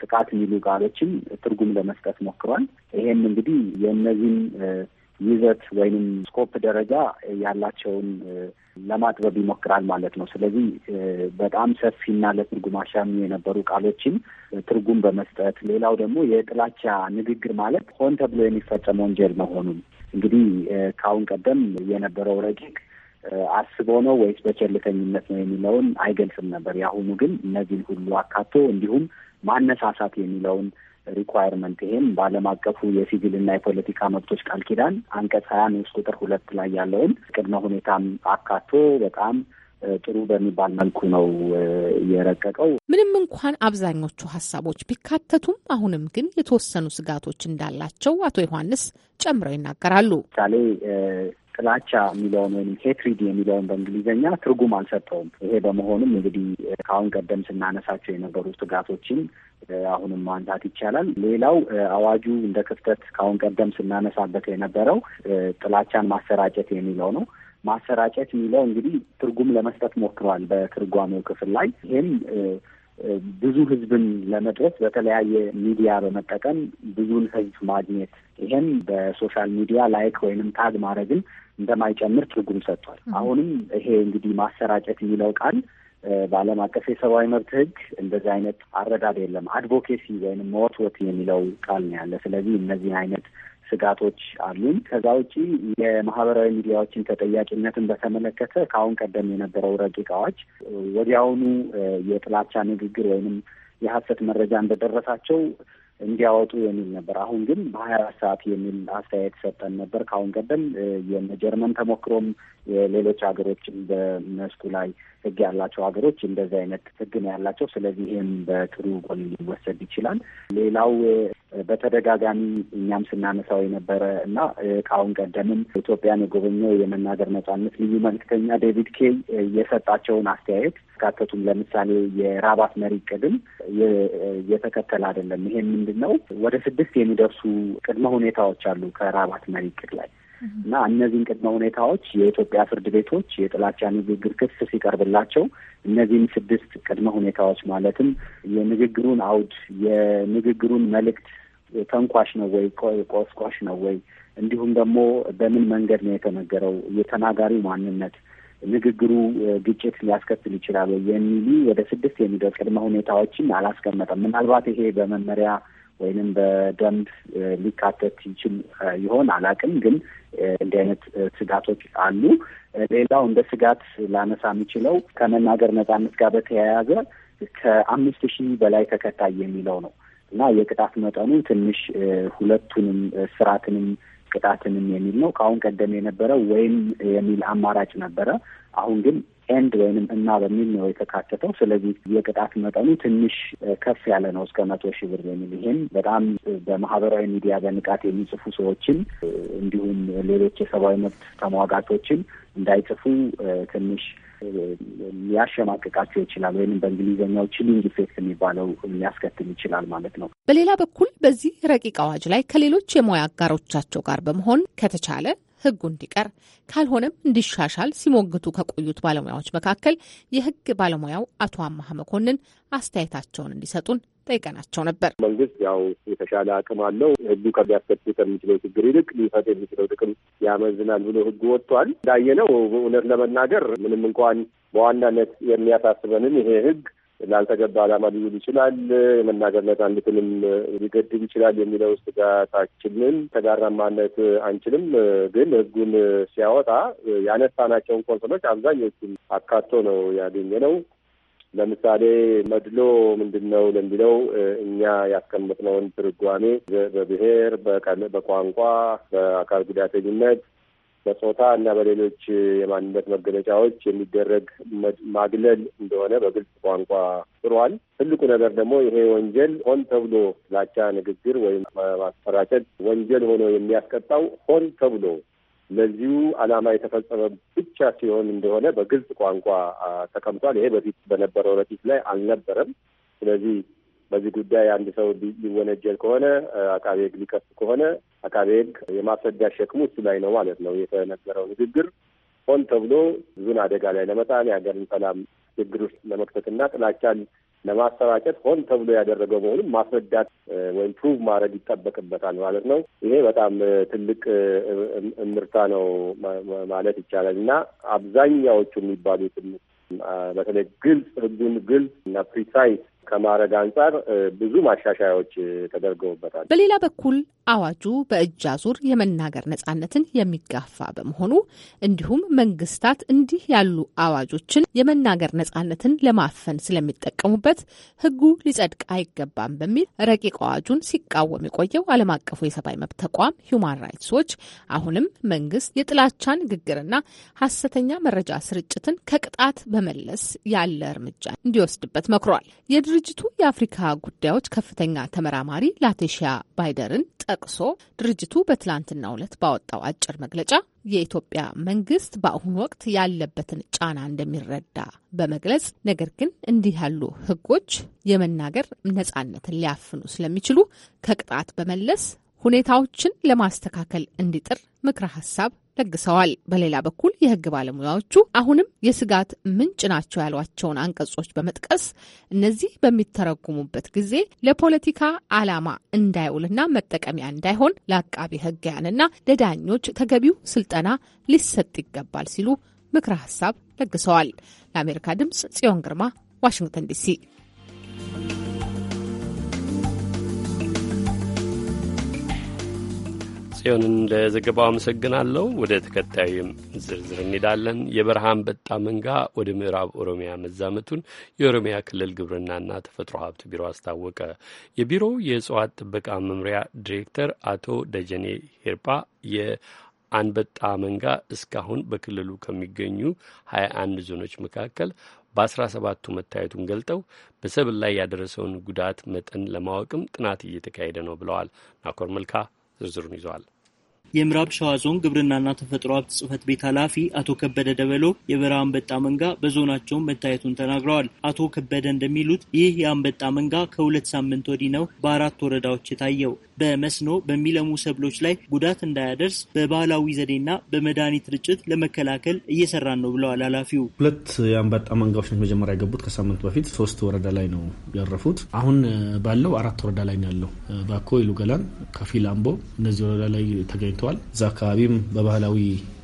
ጥቃት የሚሉ ቃሎችን ትርጉም ለመስጠት ሞክሯል። ይሄም እንግዲህ የእነዚህም ይዘት ወይም ስኮፕ ደረጃ ያላቸውን ለማጥበብ ይሞክራል ማለት ነው። ስለዚህ በጣም ሰፊና ለትርጉም አሻሚ የነበሩ ቃሎችን ትርጉም በመስጠት ሌላው ደግሞ የጥላቻ ንግግር ማለት ሆን ተብሎ የሚፈጸም ወንጀል መሆኑን እንግዲህ ከአሁን ቀደም የነበረው ረቂቅ አስቦ ነው ወይስ በቸልተኝነት ነው የሚለውን አይገልጽም ነበር። የአሁኑ ግን እነዚህን ሁሉ አካቶ እንዲሁም ማነሳሳት የሚለውን ሪኳየርመንት ይሄም በዓለም አቀፉ የሲቪልና የፖለቲካ መብቶች ቃል ኪዳን አንቀጽ ሀያ ንዑስ ቁጥር ሁለት ላይ ያለውን ቅድመ ሁኔታም አካቶ በጣም ጥሩ በሚባል መልኩ ነው የረቀቀው። ምንም እንኳን አብዛኞቹ ሀሳቦች ቢካተቱም አሁንም ግን የተወሰኑ ስጋቶች እንዳላቸው አቶ ዮሐንስ ጨምረው ይናገራሉ። ምሳሌ ጥላቻ የሚለውን ወይም ሄትሪድ የሚለውን በእንግሊዝኛ ትርጉም አልሰጠውም። ይሄ በመሆኑም እንግዲህ ከአሁን ቀደም ስናነሳቸው የነበሩ ስጋቶችን አሁንም ማንሳት ይቻላል። ሌላው አዋጁ እንደ ክፍተት ከአሁን ቀደም ስናነሳበት የነበረው ጥላቻን ማሰራጨት የሚለው ነው። ማሰራጨት የሚለው እንግዲህ ትርጉም ለመስጠት ሞክሯል በትርጓሜው ክፍል ላይ ይህም ብዙ ህዝብን ለመድረስ በተለያየ ሚዲያ በመጠቀም ብዙን ህዝብ ማግኘት ይሄም በሶሻል ሚዲያ ላይክ ወይንም ታግ ማድረግን እንደማይጨምር ትርጉም ሰጥቷል። አሁንም ይሄ እንግዲህ ማሰራጨት የሚለው ቃል በዓለም አቀፍ የሰብአዊ መብት ህግ እንደዚህ አይነት አረዳድ የለም። አድቮኬሲ ወይም መወትወት የሚለው ቃል ነው ያለ። ስለዚህ እነዚህ አይነት ስጋቶች አሉን። ከዛ ውጪ የማህበራዊ ሚዲያዎችን ተጠያቂነትን በተመለከተ ከአሁን ቀደም የነበረው ረቂቃዎች ወዲያውኑ የጥላቻ ንግግር ወይንም የሀሰት መረጃ እንደደረሳቸው እንዲያወጡ የሚል ነበር። አሁን ግን በሀያ አራት ሰዓት የሚል አስተያየት ሰጠን ነበር። ከአሁን ቀደም የጀርመን ተሞክሮም የሌሎች ሀገሮችን በመስኩ ላይ ህግ ያላቸው ሀገሮች እንደዚህ አይነት ህግ ነው ያላቸው። ስለዚህ ይህም በጥሩ ጎን ሊወሰድ ይችላል። ሌላው በተደጋጋሚ እኛም ስናነሳው የነበረ እና ከአሁን ቀደምም ኢትዮጵያን የጎበኘው የመናገር ነጻነት ልዩ መልክተኛ ዴቪድ ኬይ የሰጣቸውን አስተያየት ካተቱም ለምሳሌ የራባት መሪ ቅድም የተከተለ አይደለም። ይሄ ምንድን ነው? ወደ ስድስት የሚደርሱ ቅድመ ሁኔታዎች አሉ ከራባት መሪ ቅድ ላይ እና እነዚህን ቅድመ ሁኔታዎች የኢትዮጵያ ፍርድ ቤቶች የጥላቻ ንግግር ክስ ሲቀርብላቸው እነዚህም ስድስት ቅድመ ሁኔታዎች ማለትም የንግግሩን አውድ፣ የንግግሩን መልእክት ተንኳሽ ነው ወይ ቆስቋሽ ነው ወይ፣ እንዲሁም ደግሞ በምን መንገድ ነው የተነገረው፣ የተናጋሪው ማንነት፣ ንግግሩ ግጭት ሊያስከትል ይችላል ወይ የሚሉ ወደ ስድስት የሚደርስ ቅድመ ሁኔታዎችን አላስቀመጠም። ምናልባት ይሄ በመመሪያ ወይንም በደንብ ሊካተት ይችል ይሆን አላውቅም። ግን እንዲህ አይነት ስጋቶች አሉ። ሌላው እንደ ስጋት ላነሳ የሚችለው ከመናገር ነጻነት ጋር በተያያዘ ከአምስት ሺህ በላይ ተከታይ የሚለው ነው እና የቅጣት መጠኑ ትንሽ ሁለቱንም ስርዓትንም ቅጣትንም የሚል ነው። ከአሁን ቀደም የነበረው ወይም የሚል አማራጭ ነበረ። አሁን ግን ኤንድ ወይንም እና በሚል ነው የተካተተው። ስለዚህ የቅጣት መጠኑ ትንሽ ከፍ ያለ ነው እስከ መቶ ሺህ ብር የሚል ይህም በጣም በማህበራዊ ሚዲያ በንቃት የሚጽፉ ሰዎችን እንዲሁም ሌሎች የሰብአዊ መብት ተሟጋቾችን እንዳይጽፉ ትንሽ ሊያሸማቅቃቸው ይችላል ወይም በእንግሊዝኛው ቺሊንግ ኢፌክት የሚባለው ሊያስከትል ይችላል ማለት ነው። በሌላ በኩል በዚህ ረቂቅ አዋጅ ላይ ከሌሎች የሙያ አጋሮቻቸው ጋር በመሆን ከተቻለ ሕጉ እንዲቀር ካልሆነም እንዲሻሻል ሲሞግቱ ከቆዩት ባለሙያዎች መካከል የሕግ ባለሙያው አቶ አማሀ መኮንን አስተያየታቸውን እንዲሰጡን ጠይቀናቸው ነበር። መንግስት ያው የተሻለ አቅም አለው። ህጉ ከሚያስከትል ከሚችለው ችግር ይልቅ ሊፈት የሚችለው ጥቅም ያመዝናል ብሎ ህጉ ወጥቷል። እንዳየነው እውነት ለመናገር ምንም እንኳን በዋናነት የሚያሳስበንን ይሄ ህግ ላልተገባ ዓላማ ሊውል ይችላል፣ የመናገር ነጻነትንም ሊገድብ ይችላል የሚለው ስጋታችንን ተጋራማነት አንችልም። ግን ህጉን ሲያወጣ ያነሳናቸውን ኮንሰርኖች አብዛኞቹን አካቶ ነው ያገኘ ነው። ለምሳሌ መድሎ ምንድን ነው ለሚለው እኛ ያስቀመጥነውን ትርጓሜ በብሔር፣ በቋንቋ፣ በአካል ጉዳተኝነት፣ በጾታ እና በሌሎች የማንነት መገለጫዎች የሚደረግ ማግለል እንደሆነ በግልጽ ቋንቋ ጥሯል። ትልቁ ነገር ደግሞ ይሄ ወንጀል ሆን ተብሎ ላቻ ንግግር ወይም ማስፈራጨት ወንጀል ሆኖ የሚያስቀጣው ሆን ተብሎ ለዚሁ ዓላማ የተፈጸመ ብቻ ሲሆን እንደሆነ በግልጽ ቋንቋ ተቀምጧል። ይሄ በፊት በነበረው ረቂት ላይ አልነበረም። ስለዚህ በዚህ ጉዳይ አንድ ሰው ሊወነጀል ከሆነ አቃቤ ሕግ ሊከስ ከሆነ አቃቤ ሕግ የማስረጃ ሸክሙ እሱ ላይ ነው ማለት ነው። የተነገረው ንግግር ሆን ተብሎ ብዙን አደጋ ላይ ለመጣል የሀገርን ሰላም ችግር ውስጥ ለመክተትና ጥላቻን ለማሰራጨት ሆን ተብሎ ያደረገው መሆኑን ማስረዳት ወይም ፕሩቭ ማድረግ ይጠበቅበታል ማለት ነው። ይሄ በጣም ትልቅ እምርታ ነው ማለት ይቻላል እና አብዛኛዎቹ የሚባሉት በተለይ ግልጽ ህጉን ግልጽ እና ፕሪሳይስ ከማድረግ አንጻር ብዙ ማሻሻያዎች ተደርገውበታል። በሌላ በኩል አዋጁ በእጅ አዙር የመናገር ነጻነትን የሚጋፋ በመሆኑ እንዲሁም መንግስታት እንዲህ ያሉ አዋጆችን የመናገር ነጻነትን ለማፈን ስለሚጠቀሙበት ሕጉ ሊጸድቅ አይገባም በሚል ረቂቅ አዋጁን ሲቃወም የቆየው ዓለም አቀፉ የሰብአዊ መብት ተቋም ሁማን ራይትስ ዎች አሁንም መንግስት የጥላቻ ንግግርና ሀሰተኛ መረጃ ስርጭትን ከቅጣት በመለስ ያለ እርምጃ እንዲወስድበት መክሯል። የድርጅቱ የአፍሪካ ጉዳዮች ከፍተኛ ተመራማሪ ላቴሺያ ባይደርን ጠቅሶ ድርጅቱ በትላንትናው ዕለት ባወጣው አጭር መግለጫ የኢትዮጵያ መንግስት በአሁኑ ወቅት ያለበትን ጫና እንደሚረዳ በመግለጽ ነገር ግን እንዲህ ያሉ ህጎች የመናገር ነጻነትን ሊያፍኑ ስለሚችሉ ከቅጣት በመለስ ሁኔታዎችን ለማስተካከል እንዲጥር ምክረ ሀሳብ ለግሰዋል። በሌላ በኩል የህግ ባለሙያዎቹ አሁንም የስጋት ምንጭ ናቸው ያሏቸውን አንቀጾች በመጥቀስ እነዚህ በሚተረጉሙበት ጊዜ ለፖለቲካ ዓላማ እንዳይውልና መጠቀሚያ እንዳይሆን ለአቃቢ ህግያንና ለዳኞች ተገቢው ስልጠና ሊሰጥ ይገባል ሲሉ ምክረ ሀሳብ ለግሰዋል። ለአሜሪካ ድምጽ ጽዮን ግርማ ዋሽንግተን ዲሲ ጽዮንን ለዘገባው አመሰግናለሁ። ወደ ተከታዩም ዝርዝር እንሄዳለን። የበረሃ አንበጣ መንጋ ወደ ምዕራብ ኦሮሚያ መዛመቱን የኦሮሚያ ክልል ግብርናና ተፈጥሮ ሀብት ቢሮ አስታወቀ። የቢሮው የእጽዋት ጥበቃ መምሪያ ዲሬክተር አቶ ደጀኔ ሄርፓ የአንበጣ መንጋ እስካሁን በክልሉ ከሚገኙ 21 ዞኖች መካከል በአስራ ሰባቱ መታየቱን ገልጠው በሰብል ላይ ያደረሰውን ጉዳት መጠን ለማወቅም ጥናት እየተካሄደ ነው ብለዋል። ናኮር መልካ ዝርዝሩን ይዘዋል። የምዕራብ ሸዋ ዞን ግብርናና ተፈጥሮ ሀብት ጽህፈት ቤት ኃላፊ አቶ ከበደ ደበሎ የበረሃ አንበጣ መንጋ በዞናቸው መታየቱን ተናግረዋል። አቶ ከበደ እንደሚሉት ይህ የአንበጣ መንጋ ከሁለት ሳምንት ወዲህ ነው በአራት ወረዳዎች የታየው። በመስኖ በሚለሙ ሰብሎች ላይ ጉዳት እንዳያደርስ በባህላዊ ዘዴና በመድኃኒት ርጭት ለመከላከል እየሰራን ነው ብለዋል ኃላፊው። ሁለት የአንበጣ መንጋዎች መጀመሪያ የገቡት ከሳምንት በፊት ሶስት ወረዳ ላይ ነው ያረፉት። አሁን ባለው አራት ወረዳ ላይ ነው ያለው። ባኮ፣ ገላን፣ ከፊል አምቦ እነዚህ ወረዳ ላይ ተገኝተው ተመትተዋል። እዛ አካባቢም በባህላዊ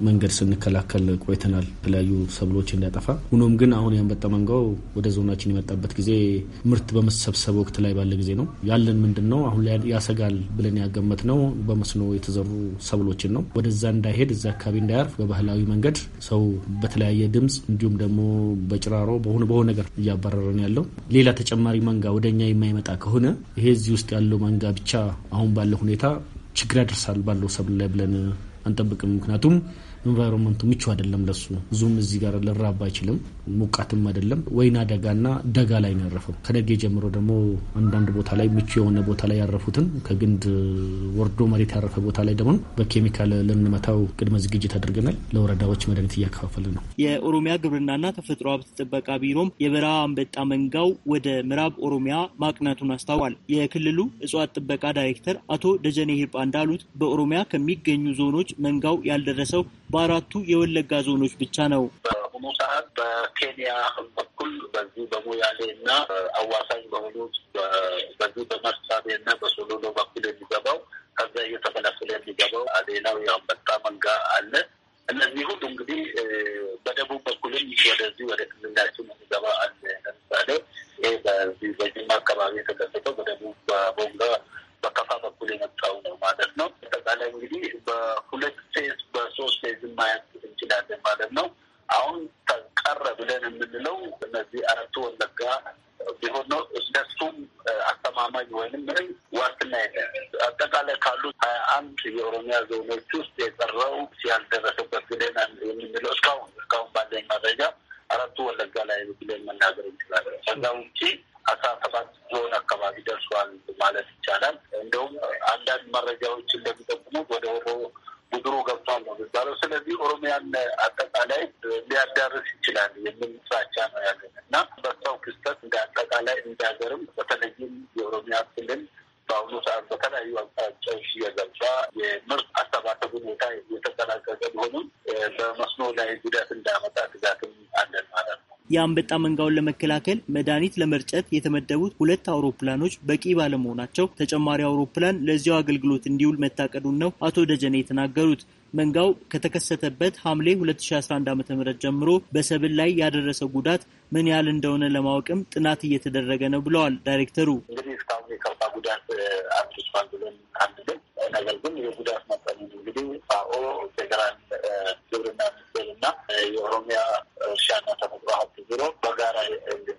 መንገድ ስንከላከል ቆይተናል፣ የተለያዩ ሰብሎች እንዳያጠፋ። ሆኖም ግን አሁን ያንበጣ መንጋው ወደ ዞናችን የመጣበት ጊዜ ምርት በመሰብሰብ ወቅት ላይ ባለ ጊዜ ነው። ያለን ምንድን ነው አሁን ላይ ያሰጋል ብለን ያገመት ነው በመስኖ የተዘሩ ሰብሎችን ነው። ወደዛ እንዳይሄድ እዛ አካባቢ እንዳያርፍ በባህላዊ መንገድ ሰው በተለያየ ድምፅ እንዲሁም ደግሞ በጭራሮ በሆነ በሆነ ነገር እያባረረን ያለው ሌላ ተጨማሪ መንጋ ወደኛ የማይመጣ ከሆነ ይሄ እዚህ ውስጥ ያለው መንጋ ብቻ አሁን ባለ ሁኔታ ችግር ያደርሳል ባለው ሰብል ላይ ብለን አንጠብቅም። ምክንያቱም ኢንቫይሮንመንቱ ምቹ አይደለም ለሱ ብዙም እዚህ ጋር ልራባ አይችልም። ሙቃትም አይደለም። ወይና ደጋና ደጋ ላይ ነው ያረፈው። ከነገ ጀምሮ ደግሞ አንዳንድ ቦታ ላይ ምቹ የሆነ ቦታ ላይ ያረፉትን ከግንድ ወርዶ መሬት ያረፈ ቦታ ላይ ደግሞ በኬሚካል ልንመታው ቅድመ ዝግጅት አድርገናል። ለወረዳዎች መድኃኒት እያከፋፈለ ነው። የኦሮሚያ ግብርናና ተፈጥሮ ሀብት ጥበቃ ቢሮም የበረሃ አንበጣ መንጋው ወደ ምዕራብ ኦሮሚያ ማቅናቱን አስታውቋል። የክልሉ እጽዋት ጥበቃ ዳይሬክተር አቶ ደጀኔ ሂርጳ እንዳሉት በኦሮሚያ ከሚገኙ ዞኖች መንጋው ያልደረሰው በአራቱ የወለጋ ዞኖች ብቻ ነው። በአሁኑ ሰዓት በኬንያ በኩል በዚህ በሞያሌ እና አዋሳኝ በሆኑት በዚህ በመርሳቤ እና በሶሎሎ በኩል የሚገባው ከዛ እየተፈለፈለ የሚገባው ሌላው የአንበጣ መንጋ አለ። እነዚህ ሁሉ እንግዲህ በደቡብ በኩልም ወደዚህ ወደ ክልላችን የሚገባ አለ። ለምሳሌ ይህ በዚህ በጅማ አካባቢ የተከሰተው በደቡብ በቦንጋ በከፋ በኩል የመጣው ነው ማለት ነው። አጠቃላይ እንግዲህ በሁለት ፌዝ በሶስት ፌዝ ማየት እንችላለን ማለት ነው። አሁን ተቀረ ብለን የምንለው እነዚህ አረቱ ወለጋ ቢሆን ነው። እነሱም አስተማማኝ ወይም ምንም ዋስትና የለ። አጠቃላይ ካሉት ሀያ አንድ የኦሮሚያ ዞኖች ውስጥ የቀረው ያልደረሰበት ብለን የምንለው እስካሁን እስካሁን ባለኝ መረጃ አረቱ ወለጋ ላይ ብለን መናገር እንችላለን። ከዛ ውጭ አስራ ሰባት ዞን አካባቢ ደርሷል ማለት ይቻላል። እንደውም አንዳንድ መረጃዎች እንደሚጠቁሙት ወደ ወሮ ስለዚህ ኦሮሚያን አጠቃላይ ሊያዳርስ ይችላል የሚል ፍራቻ ነው ያለን እና በሰው ክስተት እንደ አጠቃላይ እንዳገርም በተለይም የኦሮሚያ ክልል በአሁኑ ሰዓት በተለያዩ አቅጣጫዎች እየገባ የምርት የአንበጣ መንጋውን ለመከላከል መድኃኒት ለመርጨት የተመደቡት ሁለት አውሮፕላኖች በቂ ባለመሆናቸው ተጨማሪ አውሮፕላን ለዚያው አገልግሎት እንዲውል መታቀዱን ነው አቶ ደጀኔ የተናገሩት። መንጋው ከተከሰተበት ሐምሌ 2011 ም ጀምሮ በሰብል ላይ ያደረሰው ጉዳት ምን ያህል እንደሆነ ለማወቅም ጥናት እየተደረገ ነው ብለዋል ዳይሬክተሩ። እንግዲህ እስካሁን የከፋ ጉዳት አድርሷል ብለን አንድ ነገር ግን የጉዳት ግብርና ሚኒስቴር እና የኦሮሚያ እርሻና ተፈጥሮ ሀብት ቢሮ በጋራ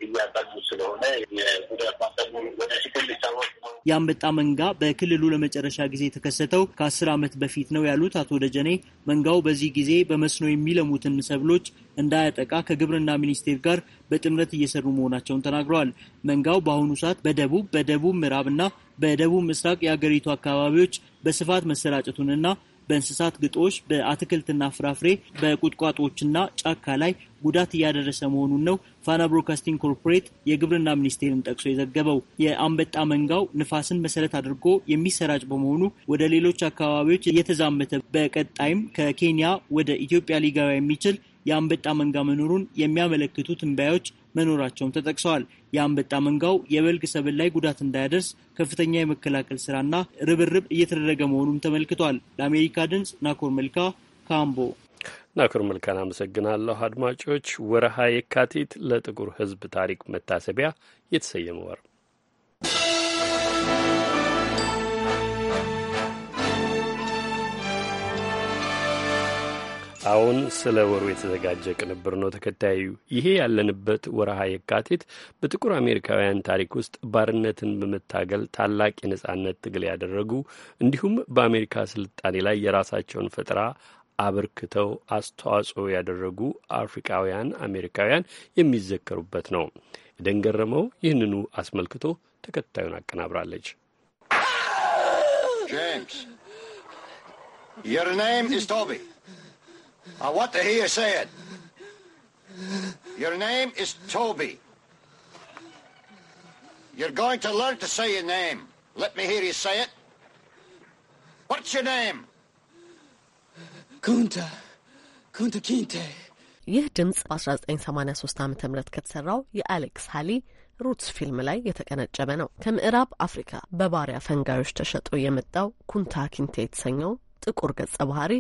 እያጠኑ ስለሆነ የጉዳት ማጠኑ ወደፊት ሊታወቅ ነው። የአንበጣ መንጋ በክልሉ ለመጨረሻ ጊዜ የተከሰተው ከአስር ዓመት በፊት ነው ያሉት አቶ ደጀኔ መንጋው በዚህ ጊዜ በመስኖ የሚለሙትን ሰብሎች እንዳያጠቃ ከግብርና ሚኒስቴር ጋር በጥምረት እየሰሩ መሆናቸውን ተናግረዋል። መንጋው በአሁኑ ሰዓት በደቡብ፣ በደቡብ ምዕራብና በደቡብ ምስራቅ የአገሪቱ አካባቢዎች በስፋት መሰራጨቱንና በእንስሳት ግጦሽ፣ በአትክልትና ፍራፍሬ፣ በቁጥቋጦዎችና ጫካ ላይ ጉዳት እያደረሰ መሆኑን ነው ፋና ብሮድካስቲንግ ኮርፖሬት የግብርና ሚኒስቴርን ጠቅሶ የዘገበው። የአንበጣ መንጋው ንፋስን መሰረት አድርጎ የሚሰራጭ በመሆኑ ወደ ሌሎች አካባቢዎች እየተዛመተ በቀጣይም ከኬንያ ወደ ኢትዮጵያ ሊገባ የሚችል የአንበጣ መንጋ መኖሩን የሚያመለክቱ ትንበያዎች መኖራቸውም ተጠቅሰዋል። የአንበጣ መንጋው የበልግ ሰብል ላይ ጉዳት እንዳያደርስ ከፍተኛ የመከላከል ስራና ርብርብ እየተደረገ መሆኑም ተመልክቷል። ለአሜሪካ ድምፅ ናኮር መልካ ካምቦ። ናኮር መልካን አመሰግናለሁ። አድማጮች፣ ወረሃ የካቲት ለጥቁር ሕዝብ ታሪክ መታሰቢያ የተሰየመ ወር አሁን ስለ ወሩ የተዘጋጀ ቅንብር ነው ተከታዩ። ይሄ ያለንበት ወረሃ የካቲት በጥቁር አሜሪካውያን ታሪክ ውስጥ ባርነትን በመታገል ታላቅ የነጻነት ትግል ያደረጉ እንዲሁም በአሜሪካ ስልጣኔ ላይ የራሳቸውን ፈጠራ አበርክተው አስተዋጽኦ ያደረጉ አፍሪካውያን አሜሪካውያን የሚዘከሩበት ነው። ደንገረመው ይህንኑ አስመልክቶ ተከታዩን አቀናብራለች። ጄምስ ዮር ኔም ኢዝ ቶቢ I want to hear you say it. Your name is Toby. You're going to learn to say your name. Let me hear you say it. What's your name? Kunta. Kunta Kinte. ይህ ድምፅ በ1983 ዓ ም ከተሰራው የአሌክስ ሃሊ ሩትስ ፊልም ላይ የተቀነጨበ ነው። ከምዕራብ አፍሪካ በባሪያ ፈንጋዮች ተሸጦ የመጣው ኩንታ ኪንቴ የተሰኘው ጥቁር ገጸ ባህሪ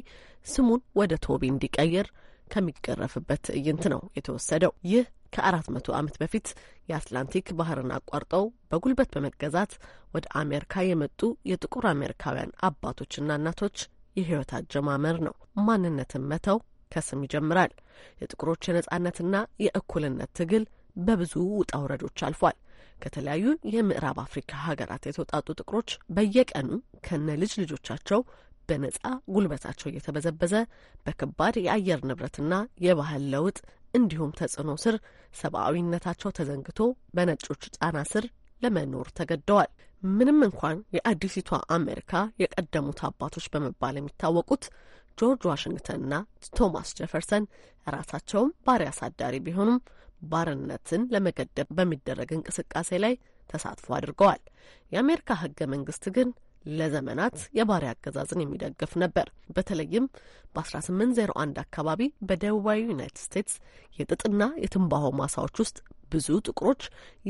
ስሙን ወደ ቶቢ እንዲቀይር ከሚገረፍበት ትዕይንት ነው የተወሰደው። ይህ ከአራት መቶ ዓመት በፊት የአትላንቲክ ባህርን አቋርጠው በጉልበት በመገዛት ወደ አሜሪካ የመጡ የጥቁር አሜሪካውያን አባቶችና እናቶች የሕይወት አጀማመር ነው። ማንነትን መተው ከስም ይጀምራል። የጥቁሮች የነጻነትና የእኩልነት ትግል በብዙ ውጣ ውረዶች አልፏል። ከተለያዩ የምዕራብ አፍሪካ ሀገራት የተውጣጡ ጥቁሮች በየቀኑ ከነ ልጅ ልጆቻቸው በነጻ ጉልበታቸው እየተበዘበዘ በከባድ የአየር ንብረትና የባህል ለውጥ እንዲሁም ተጽዕኖ ስር ሰብአዊነታቸው ተዘንግቶ በነጮች ጫና ስር ለመኖር ተገደዋል። ምንም እንኳን የአዲሲቷ አሜሪካ የቀደሙት አባቶች በመባል የሚታወቁት ጆርጅ ዋሽንግተንና ቶማስ ጀፈርሰን ራሳቸውም ባሪያ አሳዳሪ ቢሆኑም ባርነትን ለመገደብ በሚደረግ እንቅስቃሴ ላይ ተሳትፎ አድርገዋል። የአሜሪካ ህገ መንግስት ግን ለዘመናት የባሪያ አገዛዝን የሚደግፍ ነበር። በተለይም በ1801 አካባቢ በደቡባዊ ዩናይትድ ስቴትስ የጥጥና የትንባሆ ማሳዎች ውስጥ ብዙ ጥቁሮች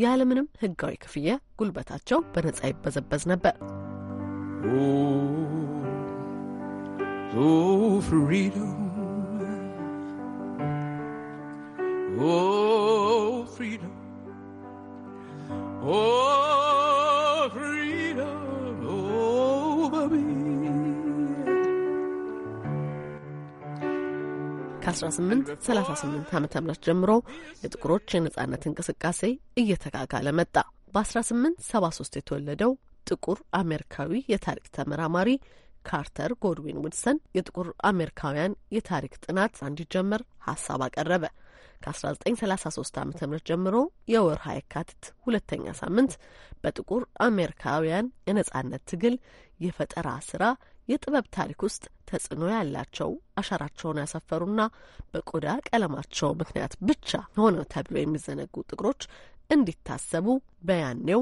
ያለምንም ሕጋዊ ክፍያ ጉልበታቸው በነጻ ይበዘበዝ ነበር። Oh, oh, oh, oh ከ1838 ዓ ም ጀምሮ የጥቁሮች የነጻነት እንቅስቃሴ እየተጋጋለ መጣ። በ1873 የተወለደው ጥቁር አሜሪካዊ የታሪክ ተመራማሪ ካርተር ጎድዊን ውድሰን የጥቁር አሜሪካውያን የታሪክ ጥናት እንዲጀመር ሀሳብ አቀረበ። ከ1933 ዓ ም ጀምሮ የወርሃ የካቲት ሁለተኛ ሳምንት በጥቁር አሜሪካውያን የነጻነት ትግል የፈጠራ ስራ የጥበብ ታሪክ ውስጥ ተጽዕኖ ያላቸው አሻራቸውን ያሰፈሩና በቆዳ ቀለማቸው ምክንያት ብቻ ሆነው ተብለው የሚዘነጉ ጥቁሮች እንዲታሰቡ በያኔው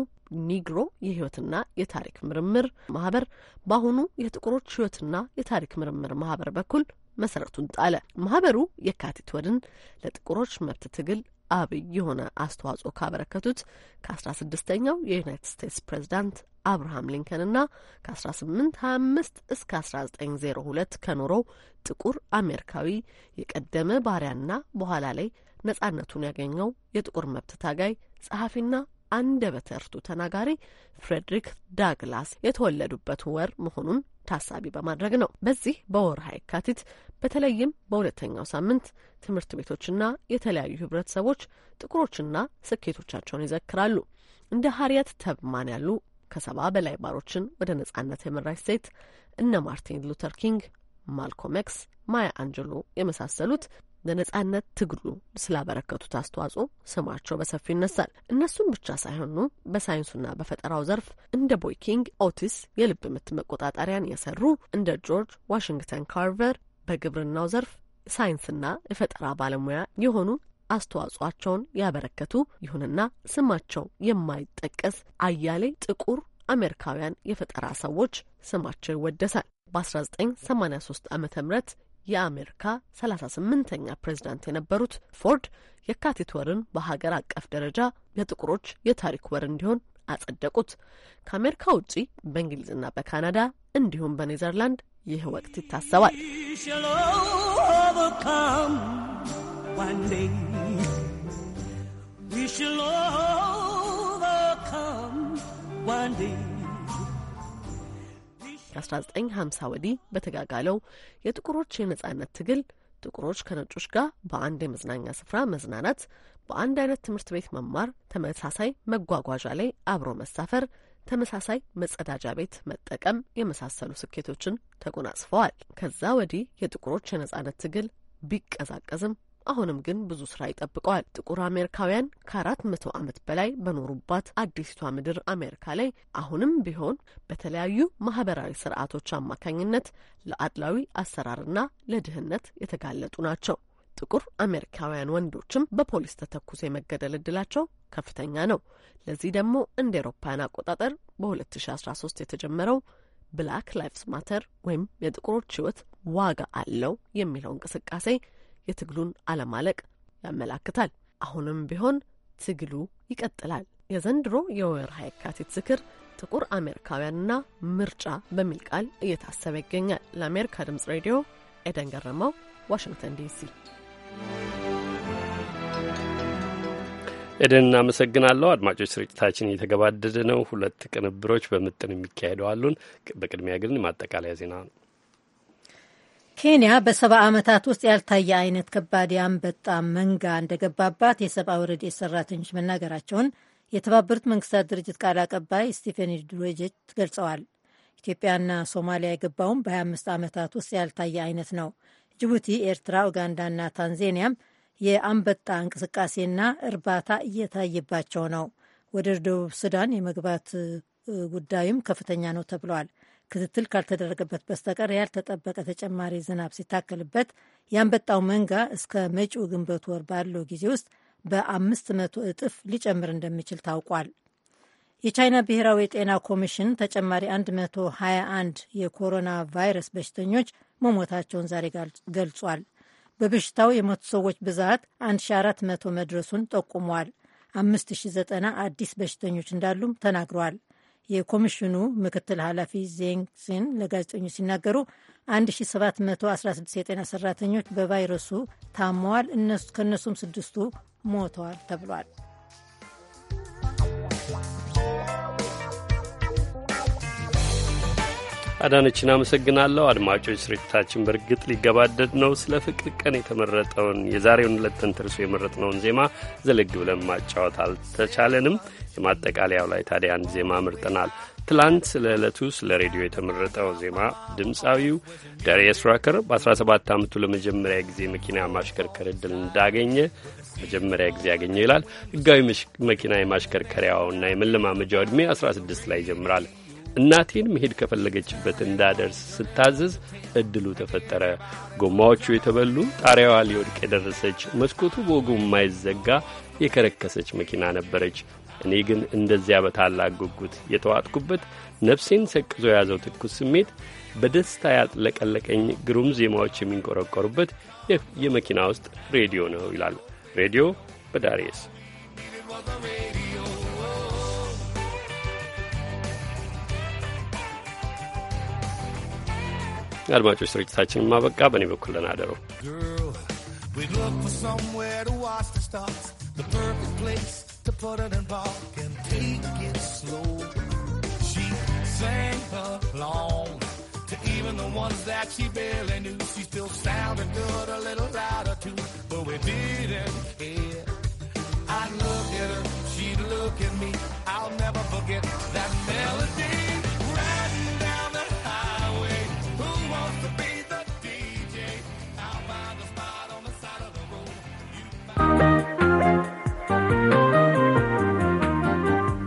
ኒግሮ የህይወትና የታሪክ ምርምር ማህበር በአሁኑ የጥቁሮች ህይወትና የታሪክ ምርምር ማህበር በኩል መሰረቱን ጣለ። ማህበሩ የካቲት ወድን ለጥቁሮች መብት ትግል አብይ የሆነ አስተዋጽኦ ካበረከቱት ከአስራ ስድስተኛው የዩናይትድ ስቴትስ ፕሬዚዳንት አብርሃም ሊንከንና ከ1825 እስከ 1902 ከኖረው ጥቁር አሜሪካዊ የቀደመ ባሪያና በኋላ ላይ ነጻነቱን ያገኘው የጥቁር መብት ታጋይ ጸሐፊና አንደበተ ርቱ ተናጋሪ ፍሬድሪክ ዳግላስ የተወለዱበት ወር መሆኑን ታሳቢ በማድረግ ነው። በዚህ በወርሃ የካቲት በተለይም በሁለተኛው ሳምንት ትምህርት ቤቶችና የተለያዩ ህብረተሰቦች ጥቁሮችና ስኬቶቻቸውን ይዘክራሉ። እንደ ሀሪየት ተብማን ያሉ ከሰባ በላይ ባሮችን ወደ ነጻነት የመራች ሴት እነ ማርቲን ሉተር ኪንግ፣ ማልኮም ኤክስ፣ ማያ አንጀሎ የመሳሰሉት ለነጻነት ትግሉ ስላበረከቱት አስተዋጽኦ ስማቸው በሰፊው ይነሳል። እነሱም ብቻ ሳይሆኑ በሳይንሱና በፈጠራው ዘርፍ እንደ ቦይኪንግ ኦቲስ የልብ ምት መቆጣጠሪያን የሰሩ እንደ ጆርጅ ዋሽንግተን ካርቨር በግብርናው ዘርፍ ሳይንስና የፈጠራ ባለሙያ የሆኑ አስተዋጽኦአቸውን ያበረከቱ ይሁንና ስማቸው የማይጠቀስ አያሌ ጥቁር አሜሪካውያን የፈጠራ ሰዎች ስማቸው ይወደሳል። በ1983 ዓ ም የአሜሪካ 38ኛ ፕሬዝዳንት የነበሩት ፎርድ የካቲት ወርን በሀገር አቀፍ ደረጃ የጥቁሮች የታሪክ ወር እንዲሆን አጸደቁት። ከአሜሪካ ውጪ በእንግሊዝና በካናዳ እንዲሁም በኔዘርላንድ ይህ ወቅት ይታሰባል። ከ1950 ወዲህ በተጋጋለው የጥቁሮች የነጻነት ትግል ጥቁሮች ከነጮች ጋር በአንድ የመዝናኛ ስፍራ መዝናናት በአንድ አይነት ትምህርት ቤት መማር፣ ተመሳሳይ መጓጓዣ ላይ አብሮ መሳፈር፣ ተመሳሳይ መጸዳጃ ቤት መጠቀም የመሳሰሉ ስኬቶችን ተጎናጽፈዋል። ከዛ ወዲህ የጥቁሮች የነጻነት ትግል ቢቀዛቀዝም አሁንም ግን ብዙ ስራ ይጠብቀዋል። ጥቁር አሜሪካውያን ከአራት መቶ ዓመት በላይ በኖሩባት አዲስቷ ምድር አሜሪካ ላይ አሁንም ቢሆን በተለያዩ ማህበራዊ ስርዓቶች አማካኝነት ለአድላዊ አሰራርና ለድህነት የተጋለጡ ናቸው። ጥቁር አሜሪካውያን ወንዶችም በፖሊስ ተተኩሶ የመገደል እድላቸው ከፍተኛ ነው። ለዚህ ደግሞ እንደ ኤሮፓውያን አቆጣጠር በ2013 የተጀመረው ብላክ ላይፍስ ማተር ወይም የጥቁሮች ህይወት ዋጋ አለው የሚለው እንቅስቃሴ የትግሉን አለማለቅ ያመላክታል። አሁንም ቢሆን ትግሉ ይቀጥላል። የዘንድሮ የወርሃ የካቲት ዝክር ጥቁር አሜሪካውያንና ምርጫ በሚል ቃል እየታሰበ ይገኛል። ለአሜሪካ ድምጽ ሬዲዮ ኤደን ገረመው፣ ዋሽንግተን ዲሲ ኤደን፣ እናመሰግናለሁ። አድማጮች፣ ስርጭታችን እየተገባደደ ነው። ሁለት ቅንብሮች በምጥን የሚካሄዱ አሉን። በቅድሚያ ግን ማጠቃለያ ዜና ነው። ኬንያ በሰባ ዓመታት ውስጥ ያልታየ አይነት ከባድ የአንበጣ መንጋ እንደገባባት የሰብአዊ ረድኤት ሰራተኞች መናገራቸውን የተባበሩት መንግስታት ድርጅት ቃል አቀባይ ስቲፈን ዱሬጅት ገልጸዋል። ኢትዮጵያና ሶማሊያ የገባውም በ25 ዓመታት ውስጥ ያልታየ አይነት ነው። ጅቡቲ፣ ኤርትራ፣ ኡጋንዳና ታንዜኒያም የአንበጣ እንቅስቃሴና እርባታ እየታየባቸው ነው። ወደ ደቡብ ሱዳን የመግባት ጉዳዩም ከፍተኛ ነው ተብሏል። ክትትል ካልተደረገበት በስተቀር ያልተጠበቀ ተጨማሪ ዝናብ ሲታከልበት የአንበጣው መንጋ እስከ መጪው ግንቦት ወር ባለው ጊዜ ውስጥ በአምስት መቶ እጥፍ ሊጨምር እንደሚችል ታውቋል። የቻይና ብሔራዊ የጤና ኮሚሽን ተጨማሪ 121 የኮሮና ቫይረስ በሽተኞች መሞታቸውን ዛሬ ገልጿል። በበሽታው የሞቱ ሰዎች ብዛት 1400 መድረሱን ጠቁሟል። 5090 አዲስ በሽተኞች እንዳሉም ተናግሯል። የኮሚሽኑ ምክትል ኃላፊ ዜንግሲን ለጋዜጠኞች ሲናገሩ 1716 የጤና ሰራተኞች በቫይረሱ ታመዋል፣ ከእነሱም ስድስቱ ሞተዋል ተብሏል። አዳነችን አመሰግናለሁ። አድማጮች ስርጭታችን በእርግጥ ሊገባደድ ነው። ስለ ፍቅር ቀን የተመረጠውን የዛሬውን ዕለት ተንተርሶ የመረጥነውን ዜማ ዘለግ ብለን ማጫወት አልተቻለንም። የማጠቃለያው ላይ ታዲያ አንድ ዜማ መርጠናል። ትላንት ስለ ዕለቱ ስለ ሬዲዮ የተመረጠው ዜማ ድምፃዊው ዳሪየስ ራከር በ17 ዓመቱ ለመጀመሪያ ጊዜ መኪና ማሽከርከር እድል እንዳገኘ መጀመሪያ ጊዜ ያገኘው ይላል። ህጋዊ መኪና የማሽከርከሪያውና የመለማመጃው ዕድሜ 16 ላይ ይጀምራል። እናቴን መሄድ ከፈለገችበት እንዳደርስ ስታዘዝ እድሉ ተፈጠረ። ጎማዎቹ የተበሉ ጣሪያዋ ሊወድቅ የደረሰች መስኮቱ በወጉ የማይዘጋ የከረከሰች መኪና ነበረች። እኔ ግን እንደዚያ በታላቅ ጉጉት የተዋጥኩበት ነፍሴን ሰቅዞ የያዘው ትኩስ ስሜት በደስታ ያጥለቀለቀኝ ግሩም ዜማዎች የሚንቆረቆሩበት የመኪና ውስጥ ሬዲዮ ነው ይላል ሬዲዮ በዳሬስ አድማጮች፣ ስርጭታችን ማበቃ። በእኔ በኩል ደህና አደሩ። We'd look for somewhere to watch the stars, the perfect place to put it and take it slow. She sang along to even the ones that she barely knew. She still sounded good, a little louder too, but we didn't care. I'd look at her, she'd look at me. I'll never forget that